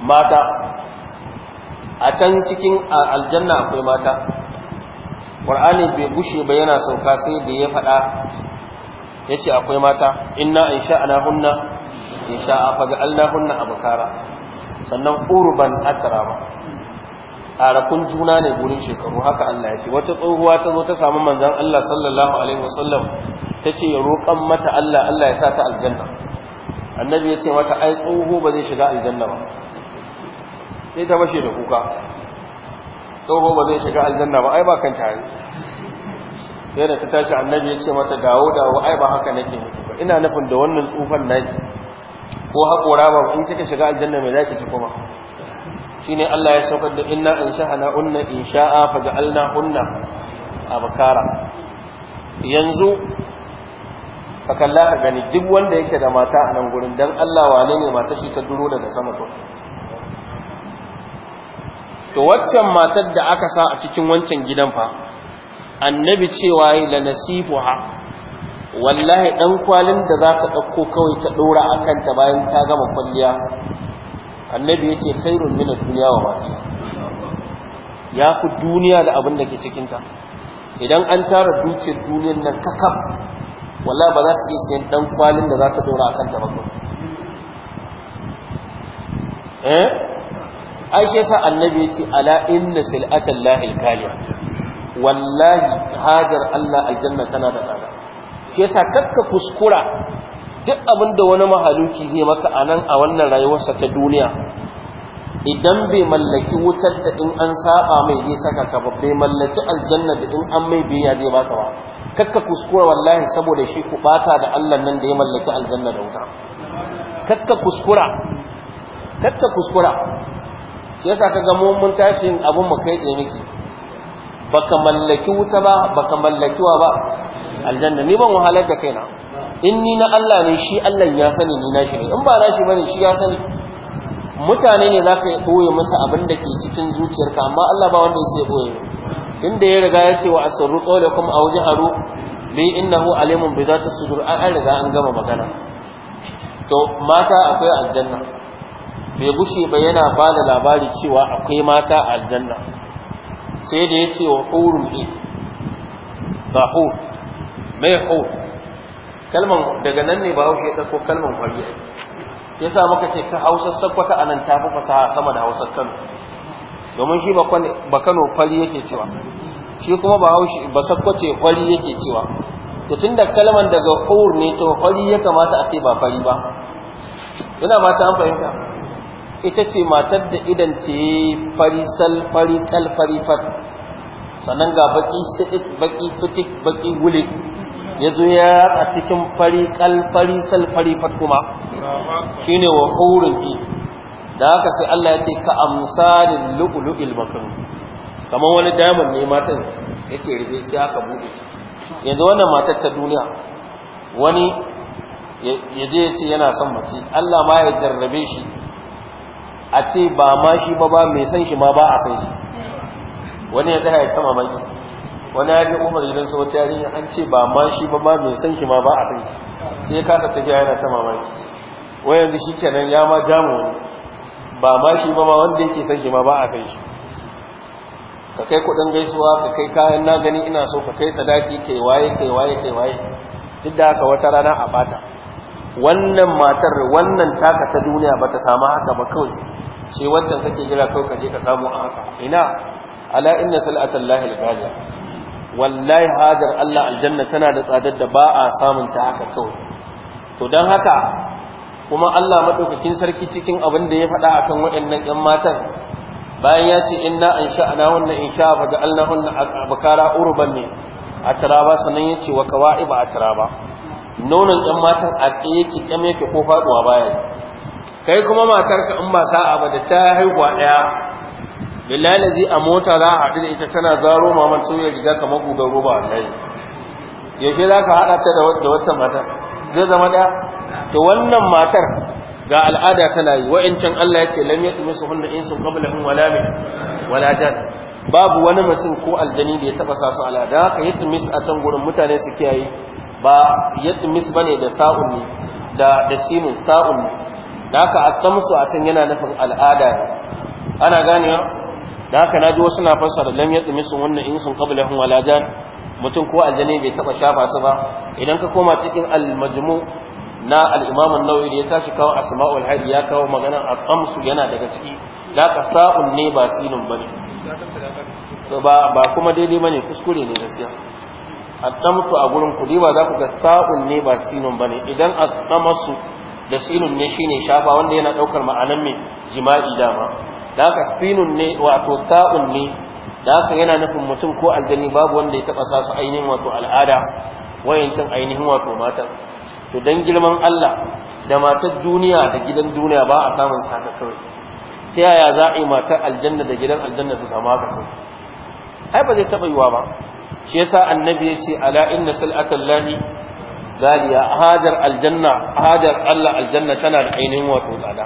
mata a can cikin aljanna akwai mata ƙwar'ani bai gushe ba yana sauka sai da ya faɗa ya ce akwai mata inna in ana hunna in a faga alna hunna a bukara sannan urban ba. tsarakun juna ne gurin shekaru haka Allah ya ce wata tsohuwa ta zo ta samu manzan Allah sallallahu alaihi wasallam ta ce ya roƙon mata Allah Allah ya sa ta aljanna annabi ya ce mata ai tsoho ba zai shiga aljanna ba sai ta bashe da kuka tsoho ba zai shiga aljanna ba ai ba kan tare sai da ta tashi annabi ya ce mata dawo dawo ai ba haka nake nufi ba ina nufin da wannan tsufan naki ko haƙora ba in kika shiga aljanna mai zaki ci kuma shine Allah ya saukar da inna in sha'ana unna in sha sha'a fa ja'alna a abkara yanzu fa kalla ka gani duk wanda yake da mata a nan gurin dan Allah wane ne mata shi ta duro daga sama to to waccan matar da aka sa a cikin wancan gidan fa annabi cewa yi la ha? wallahi dan kwalin da za ta dauko kawai ta ɗora a kanta bayan ta gama kwalliya. annabi ya ce kai min na duniya wa ma ya fi duniya da abin da ke cikinta idan an tara dukiyar duniyar nan kakab wallahi ba za su iya sayan dan kwalin da za ta dora akan ta ba eh sa annabi ya ce ala inna sil'atallahi al-kaliya wallahi hajar Allah aljanna tana da tsada shi yasa kakka kuskura duk abinda wani mahaluki zai maka a nan a wannan rayuwarsa ta duniya idan bai mallaki wutar da in an saba mai zai saka ka bai mallaki aljanna da in an mai biya zai baka ba kakka kuskura wallahi saboda shi ku bata da Allah nan da ya mallaki aljanna da wuta kakka kuskura kakka kuskura shi yasa ka mu mun tashi abun mu kai da miki baka mallaki wuta ba baka mallakiwa ba aljanna ni ban wahalar da kaina in ni na Allah ne shi Allah ya sani ni na ne in ba na shi bane shi ya sani mutane ne zaka yi boye masa abin da ke cikin zuciyarka amma Allah ba wanda yake boye inda ya riga ya ce wa asrru qawlakum aw jaharu bi innahu alimun bi zati sudur an riga an gama magana to mata akwai aljanna bai gushe ba yana ba da labari cewa akwai mata aljanna sai da ya ce wa hurun in ba hur mai hur kalman daga nan ne ba haushe ya ɗauko kalman kwariya ya sa maka ce ka hausar sakwata a nan ta fi fasaha sama da hausar kano domin shi ba kano kwari yake cewa shi kuma ba haushi ba sakwace kwari yake cewa to da kalman daga hur ne to kwari ya kamata a ce ba kwari ba ina ba ta amfani ita ce matar da idan ce farisal farikal farifat sannan ga baki sidik baki fitik baki gulik ya zo ya a cikin farikal farisal farifat kuma shi ne wa hurin bi da haka sai Allah ya ce ka amsalin lu'lu'il makrum kamar wani diamond ne matan yake rufe shi aka bude shi yanzu wannan matar ta duniya wani ya je ya ce yana son mace Allah ma ya jarrabe shi a ce ba ma shi ba ba mai san shi ma ba a san shi wani ya tsaya ya kama maki wani ya fi umar gidan sau ta yarinya an ce ba ma shi ba ba mai san shi ma ba a san shi sai ya kasa tafiya yana kama maki wai yanzu shi kenan ya ma jamu ne ba ma shi ba ma wanda yake san shi ma ba a san shi ka kai kudin gaisuwa ka kai kayan na gani ina so ka kai sadaki kai waye kai waye kai waye duk da haka wata rana a bata wannan matar wannan taka ta duniya bata samu haka ba kawai sai wancan kake jira kawai ka je ka samu a haka ina ala inna ghaliya wallahi hajar Allah aljanna tana da tsadar da ba a samun ta haka kawai to dan haka kuma Allah madaukakin sarki cikin abin da ya faɗa akan waɗannan ƴan matan bayan ya ce inna ansha'na wannan insha fa ja'alna hunna abkara urban ne a taraba sanan ya ce wa kawa'iba a taraba nonon ƴan matan a tsaye ki kyame ki ko faɗuwa baya kai kuma matarka in ba sa'a ba da ta haihuwa ɗaya. billahi lazi a mota za a haɗu da ita tana zaro maman tsoye riga kamar gugar roba wallahi yaushe za ka haɗa ta da wata mata zai zama ɗaya to wannan matar ga al'ada tana yi wa'ancan Allah ya ce lam yadmi su hunna insun qabla hum wala min wala dan babu wani mutum ko aljani da ya taba sa su al'ada haka mis a can gurin mutane su kiyaye ba yadda mis bane da sa'un ne da da sinin sa'un ne da haka akamsu a can yana nufin al'ada ne ana ganewa da haka na ji wasu na fassara lam ya tsimi sun wannan in sun kabila hun walajan mutum ko aljani bai taba shafa su ba idan ka koma cikin almajmu na al-imam an-nawawi da ya tashi kawo asma'ul hayy ya kawo magana a akamsu yana daga ciki da ka sa'un ne ba sinun bane ba ba kuma daidai bane kuskure ne gaskiya akamtu a gurin kudi ba za ku ga sa'un ne ba sinun bane idan akamasu da sinun ne shine shafa wanda yana daukar ma'anan mai jima'i dama da haka sinun ne wato ta'un ne da haka yana nufin mutum ko aljani babu wanda ya taba sasu ainihin wato al'ada wayancin ainihin wato matar. to dan girman Allah da matar duniya da gidan duniya ba a samun saka kawai sai yaya za a yi matar aljanna da gidan aljanna su samu haka kawai ai ba zai taba yiwa ba shi yasa annabi ya ce ala inna sal'atallahi galiya hajar aljanna hajar Allah aljanna tana da ainihin wato tsada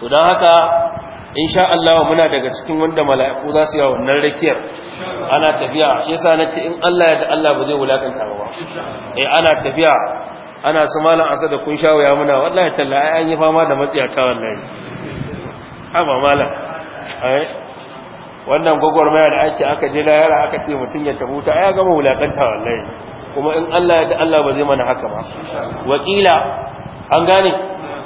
to dan haka insha Allah muna daga cikin wanda mala'iku za su yi wannan rakiyar ana tafiya shi yasa nace in Allah ya da Allah ba zai wulakanta ba eh ana tafiya ana su malam asa da kun shawo ya muna wallahi talla ai an yi fama da ta wallahi haba malam wannan gwagwarmaya da ake aka je lahira aka ce mutum ya tabuta ai ya gama wulaƙanta wallahi kuma in Allah ya da Allah ba zai mana haka ba wakila an gane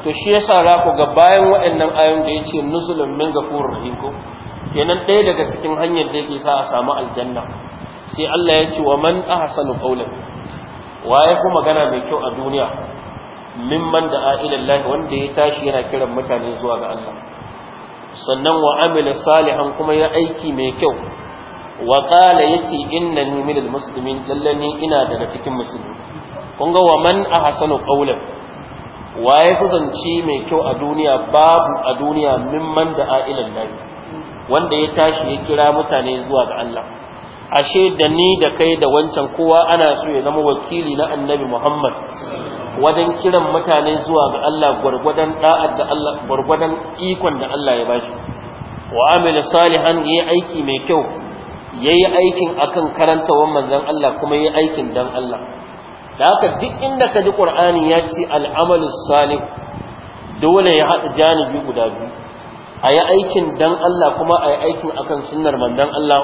to shi yasa za ku ga bayan waɗannan ayoyin da yace nusulun min gafur rahimku kenan ɗaya daga cikin hanyar da yake sa a samu aljanna sai Allah ya ce wa man ahsanu qawlan waye ku magana mai kyau a duniya mimman da a'ilallahi wanda ya tashi yana kiran mutane zuwa ga Allah sannan wa amila salihan kuma ya aiki mai kyau wa qala yati innani min almuslimin lallani ina daga cikin musulmi kun ga wa man ahsanu qawlan wa ya mai kyau a duniya babu a duniya mimman da a'ilan lahi wanda ya tashi ya kira mutane zuwa ga Allah ashe da ni da kai da wancan kowa ana so ya zama wakili na annabi Muhammad wajen kiran mutane zuwa ga Allah gwargwadon da'ar da Allah gwargwadon ikon da Allah ya bashi wa amila salihan yayi aiki mai kyau yayi aikin akan karantawan manzon Allah kuma yayi aikin dan Allah da haka duk inda ka ji Qur'ani ya ce al-amalu salih dole ya hada janibi guda biyu ayi aikin dan Allah kuma ayi aikin akan sunnar manzon Allah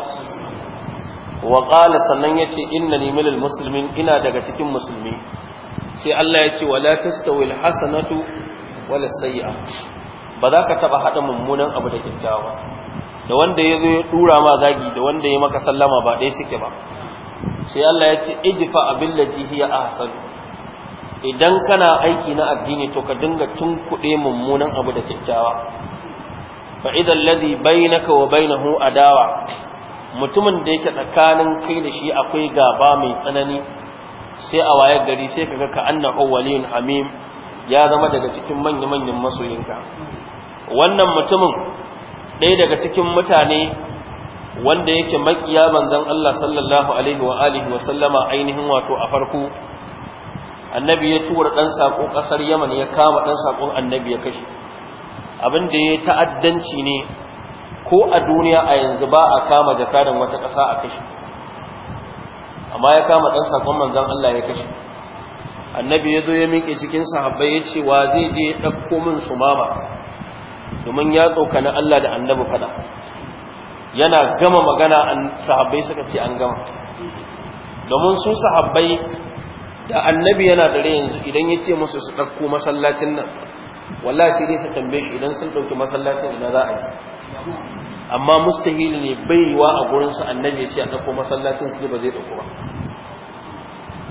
wa qala sannan yace innani milal muslimin ina daga cikin musulmi sai Allah ya ce wala tastawil hasanatu wala sayyi'a ba za ka taba hada mummunan abu da kyakkyawa da wanda ya zo ya dura ma zagi da wanda ya maka sallama ba dai suke ba sai Allah ya ce idfa lati hiya ahsan idan kana aiki na addini to ka dinga tunkuɗe mummunan abu da kyakkyawa fa idan ladhi bainaka wa bainahu adawa mutumin da yake tsakanin kai da shi akwai gaba mai tsanani sai a wayar gari sai ka ka annahu waliyun hamim ya zama daga cikin manya-manyan masoyinka wannan mutumin ɗaya daga cikin mutane wanda yake makiya manzon Allah sallallahu alaihi wa wa sallama ainihin wato a farko annabi ya tura dan sako kasar Yaman ya kama dan sakon annabi ya kashe abin da ya ta'addanci ne ko a duniya a yanzu ba a kama jakadan wata ƙasa a kashe amma ya kama ɗan sakon manzan Allah ya kashe annabi ya zo ya miƙe cikin sahabbai ya ce wa zai je ɗauko min su mama domin ya tsokani Allah da annabi faɗa yana gama magana sahabbai suka ce an gama domin su sahabbai da annabi yana da rai yanzu idan ya ce musu su ɗauko masallacin nan wallahi sai dai su tambaye idan sun ɗauki masallacin ina za a yi amma mustahili ne baiwa a gurinsa annabi ya ce a ɗauko masallacin su ba zai ɗauko ba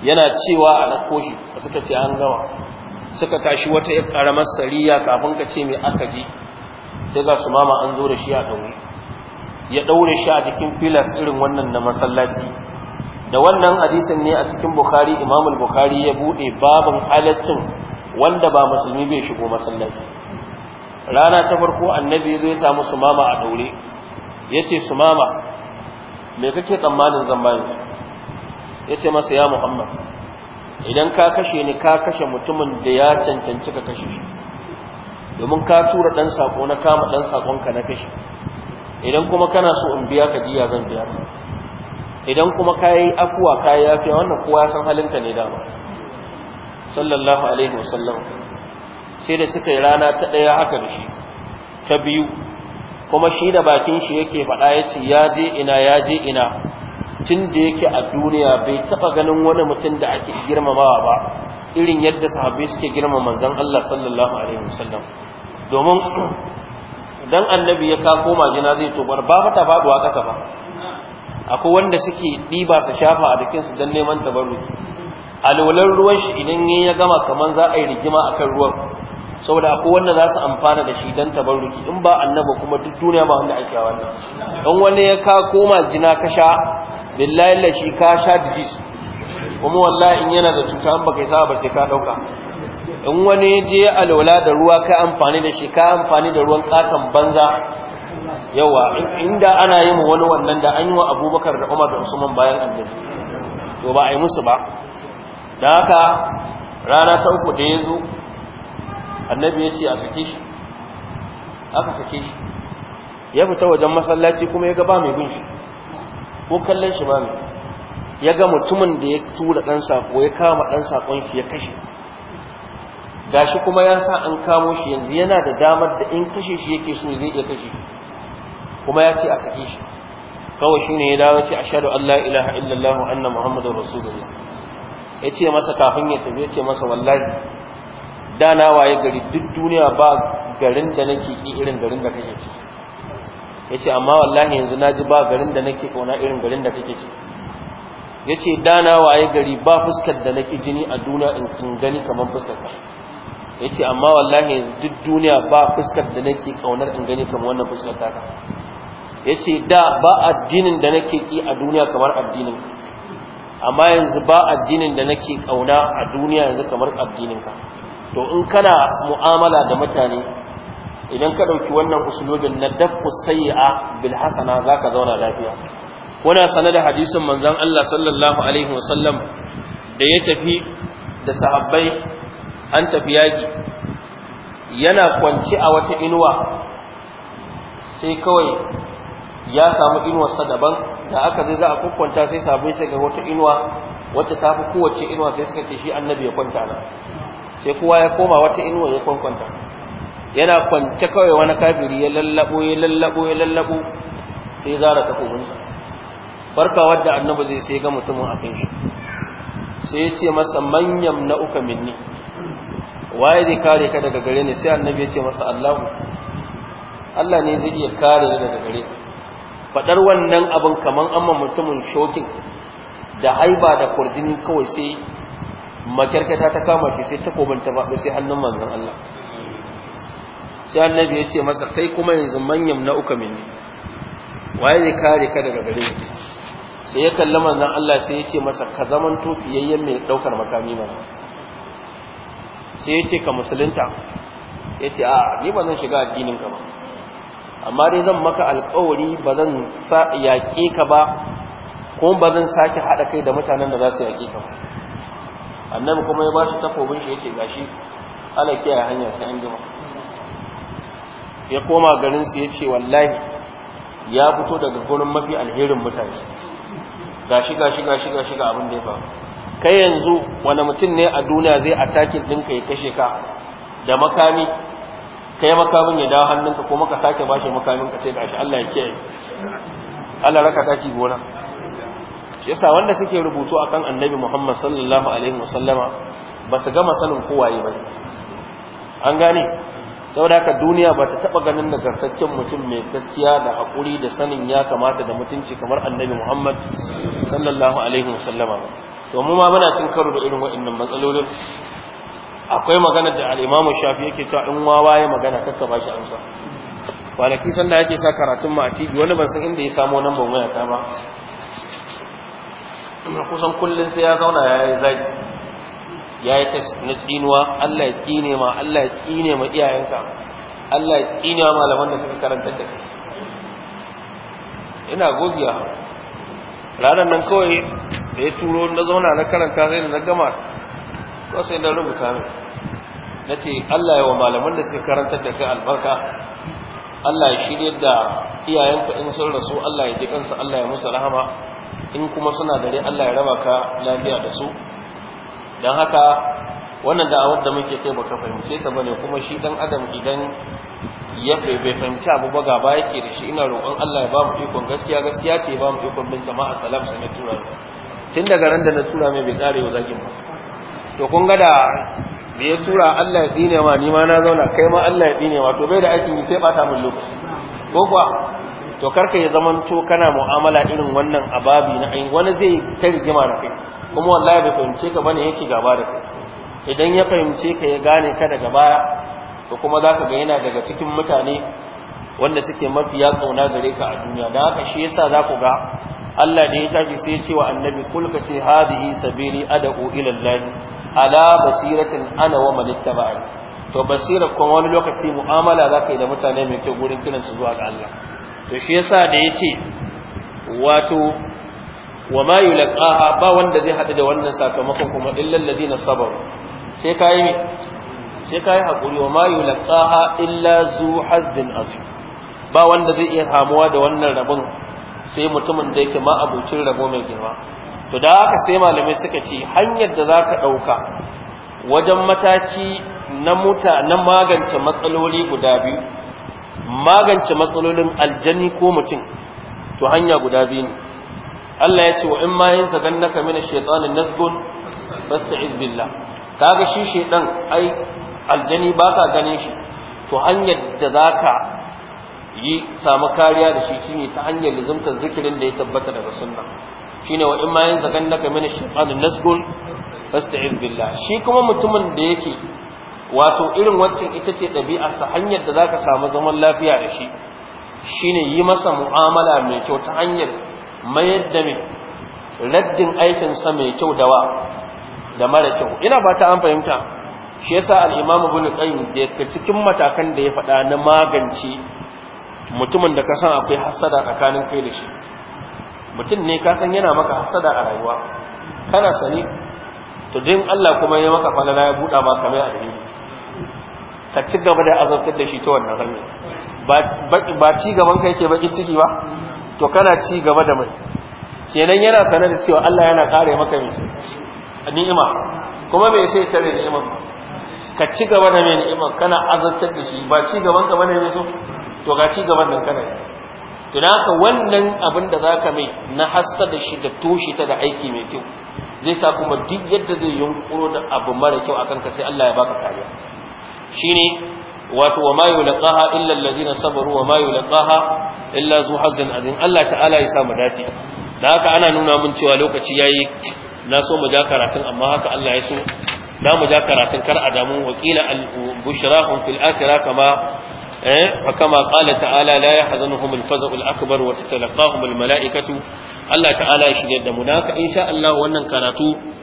yana cewa a ɗauko shi suka ce an gama suka tashi wata ya ƙaramar sariya kafin ka ce mai aka ji sai ga su mama an zo da shi a ɗaure ya ɗaure shi a cikin filas irin wannan na masallaci da wannan hadisin ne a cikin bukhari imamul bukhari ya buɗe babin halaccin wanda ba musulmi bai shigo masallaci rana ta farko annabi zai samu sumama a daure ya ce sumama me kake tsammanin zan ya ce masa ya muhammad idan ka kashe ni ka kashe mutumin da ya cancanci ka kashe shi domin ka tura ɗan saƙo na kama ɗan saƙonka na kashe idan kuma kana so in biya ka jiya zan biya idan kuma ka yi afuwa ka yi yafiya wannan kowa san halinka ne dama sallallahu alaihi wasallam sai da suka yi rana ta ɗaya haka da shi ta biyu kuma shi da bakin shi yake faɗa ya ce ya je ina ya je ina tun da yake a duniya bai taɓa ganin wani mutum da ake girmamawa ba irin yadda sahabi suke girmama manzon Allah sallallahu alaihi wasallam domin dan annabi ya koma gina zai tobar ba mata faduwa kasa ba akwai wanda suke diba su shafa a dukin su dan neman tabarru alwalan ruwan shi idan ya gama kaman za a yi rigima akan ruwan saboda akwai wanda za su amfana da shi don tabarruki in ba annaba kuma duk duniya ba wanda ake wannan in wani ya ka koma jina ka sha billahi la shi ka sha dijis kuma wallahi in yana da cuta an baka sa ba sai ka dauka in wani je alwala da ruwa ka amfani da shi ka amfani da ruwan katon banza yawa inda ana yin wani wannan da an yi wa abubakar da umar da usman bayan annabi to ba a yi musu ba da haka rana ta uku da ya zo annabi ya ce a sake shi aka sake shi ya fita wajen masallaci kuma ya ga ba mai bin shi ko kallon shi ba mai ya ga mutumin da ya tura ɗan saƙo ya kama ɗan saƙon shi ya kashe gashi kuma ya sa an kamo shi yanzu yana da damar da in kashe shi yake so zai iya kashe kuma ya ce a sake shi kawai shi ne ya dawo ce ashhadu an la ilaha illallah wa anna muhammadar rasulullah ya ce masa kafin ya tafi ya ce masa wallahi da na waye gari duk duniya ba garin da nake ki irin garin da kake ci yace amma wallahi yanzu naji ba garin da nake kauna irin garin da kake ci yace da na waye gari ba fuskar da nake jini a duniya in kin gani kaman fuskar ka yace amma wallahi yanzu duk duniya ba fuskar da nake kaunar in gani kaman wannan fuskar ta yace da ba addinin da nake ki a duniya kamar addinin amma yanzu ba addinin da nake kauna a duniya yanzu kamar addinin ka to in kana mu'amala da mutane idan ka ɗauki wannan usulobin na dafu sayi'a bil hasana za ka zauna lafiya kuna sana da hadisin manzan Allah sallallahu alaihi wasallam da ya tafi da sahabbai an tafi yaƙi yana kwanci a wata inuwa sai kawai ya samu inuwarsa daban da aka zai za a kwakwanta sai sabon shiga wata inuwa wacce ta fi kowace inuwa sai suka ce shi annabi ya kwanta na sai kowa ya koma wata inuwa ya kwankwanta yana kwance kawai wani kafiri ya lallabo ya lallabo ya lallabo sai zara takobinsa farka wadda annabi zai sai ga mutumin a kan shi sai ya ce masa manyan na uka minni waye zai kare ka daga gare ni sai annabi ya ce masa Allahu Allah ne zai iya kare ni daga gare Faɗar wannan abin kamar amma mutumin shokin da haiba da kwardini kawai sai makyarkata ta kama shi sai takobin ta faɗi sai hannun manzon Allah sai annabi ya ce masa kai kuma yanzu manyan na uka mini waye zai kare ka daga gare sai ya kalli manzon Allah sai ya ce masa ka zaman tofiyayyen mai ɗaukar makami mana sai ya ce ka musulunta ya ce a ni ba zan shiga addinin ka ba amma dai zan maka alkawari ba zan yaƙe ka ba ko ba zan sake haɗa kai da mutanen da za su yaƙe ka ba annabi kuma ya ba su takobin shi yake gashi ala kiyaye hanya sai an gama ya koma garin su yace wallahi ya fito daga gurin mafi alherin mutane gashi gashi gashi gashi ga abin da ya faru kai yanzu wani mutum ne a duniya zai attacking ka ya kashe ka da makami kai makamin ya dawo hannunka ko maka sake bashi makamin ka sai gashi Allah ya kiyaye Allah raka taki gona shi yasa wanda suke rubutu akan annabi Muhammad sallallahu alaihi wasallama ba su gama sanin kowaye ba an gane saboda haka duniya ba ta taba ganin nagartaccen mutum mai gaskiya da hakuri da sanin ya kamata da mutunci kamar annabi Muhammad sallallahu alaihi wasallama ba to mu ma muna cin karo da irin waɗannan matsalolin akwai magana da al-Imam Shafi yake cewa in wawa ya magana kakka ba shi amsa kwanaki sanda yake sa karatun ma a TV wani ban san inda ya samu nan ban wayata ba kusan kullum sai ya zauna ya yi zaki ya yi ta na tsinuwa Allah ya tsine ma Allah ya tsine ma iyayenka Allah ya tsine ma malaman da suka karanta da kai ina gogiya ranar nan kawai da ya turo na zauna na karanta sai da na gama ko sai na rubuta min na ce Allah ya wa malaman da suka karanta da kai albarka Allah ya shirya da iyayenka in sun rasu Allah ya ji kansa Allah ya musu rahama in kuma suna dare Allah ya raba ka lafiya da su don haka wannan da'awar da muke kai baka fahimce ta bane kuma shi dan adam idan ya bai fahimci abu ba gaba yake da shi ina roƙon Allah ya ba mu ikon gaskiya gaskiya ce ba mu ikon bin jama'a salam sai na tura tun daga ran da na tura mai bai kare wa zagin ba to kun ga da me ya tura Allah ya tsine ma ni ma na zauna kai ma Allah ya tsine ma to bai da aikin sai bata min lokaci ko kuwa to karka ya to kana mu'amala irin wannan ababi na ayin wani zai ta rigima da kai kuma wallahi bai fahimce ka bane yake gaba da kai idan ya fahimce ka ya gane ka daga baya to kuma zaka ga yana daga cikin mutane wanda suke mafi ya kauna gare ka a duniya dan haka shi yasa ku ga Allah da ya tafi sai ya ce wa annabi kul ka ce hadihi sabili ad'u ila Allah ala basiratin ana wa man ittaba'ani to basirar kuma wani lokaci mu'amala zaka yi da mutane mai kyau gurin kiran su zuwa ga Allah to shi yasa da yace wato wa ma yulqaha ba wanda zai hada da wannan sakamakon kuma illal ladina sabaru sai kai mi sai kai hakuri wa ma yulqaha illa zu hazzin asu. ba wanda zai iya hamuwa da wannan rabon sai mutumin da yake ma abucin rabo mai girma to da haka sai malamai suka ce hanyar da za ka dauka wajen mataki na muta na magance matsaloli guda biyu magance matsalolin aljani ko mutum to hanya guda biyu ne Allah ya ce wa in ma yin sagannaka min ash-shaytanin nasgun fasta'iz Ka ga shi shedan ai aljani baka ganin shi to hanyar da za ka yi samu kariya da shi shine ta hanyar lizumta zikirin da ya tabbata daga sunna shine wa in ma yin sagannaka min ash-shaytanin nasgun fasta'iz billah shi kuma mutumin da yake wato irin wancan ita ce ɗabi'arsa hanyar da za ka samu zaman lafiya da shi shine yi masa mu'amala mai kyau ta hanyar mayar da mai raddin aikinsa mai kyau da wa da mara kyau ina ba ta an fahimta shi yasa sa al'imamu ibn qayyim da cikin matakan da ya faɗa na magance mutumin da ka san akwai hasada tsakanin kai da shi mutum ne ka san yana maka hasada a rayuwa kana sani to din Allah kuma ya maka falala ya buɗa ba kamar alheri ka ci gaba da azabtar da shi ta wannan hanyar ba ci gaban ka yake bakin ciki ba to kana ci gaba da mai kenan yana sanar da cewa Allah yana kare maka mai ni'ima kuma me sai kare ni'ima ka ci gaba da mai ni'ima kana azabtar da shi ba ci gaban ka bane ne so to ga ci gaban nan kana to dan haka wannan abin da zaka mai na hassa da shi da toshi ta da aiki mai kyau zai sa kuma duk yadda zai yunkuro da abu mara kyau akan ka sai Allah ya baka kariya shine wato wa ma yulqaha illa alladhina sabaru wa ma yulqaha illa zu hazzin Allah ta'ala ya sa mu dace da haka ana nuna mun cewa lokaci yayi na so mu ja karatun amma haka Allah ya so da mu ja karatun kar a damu wakila al bushrahum fil akhirah kama eh kama qala ta'ala la yahzanuhum al fazu al akbar wa tatalaqahum al malaikatu Allah ta'ala ya shirye da mu da haka insha Allah wannan karatu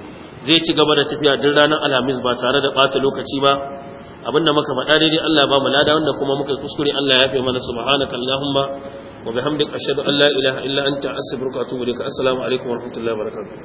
zai ci gaba da tafiya duk ranar alhamis ba tare da bata lokaci ba abinda muka faɗa daidai Allah ba mu lada wanda kuma muka kuskure Allah ya fi mana subhanaka allahumma wa bihamdika ashhadu an la ilaha illa anta astaghfiruka wa atubu ilaik assalamu alaikum wa rahmatullahi wa barakatuh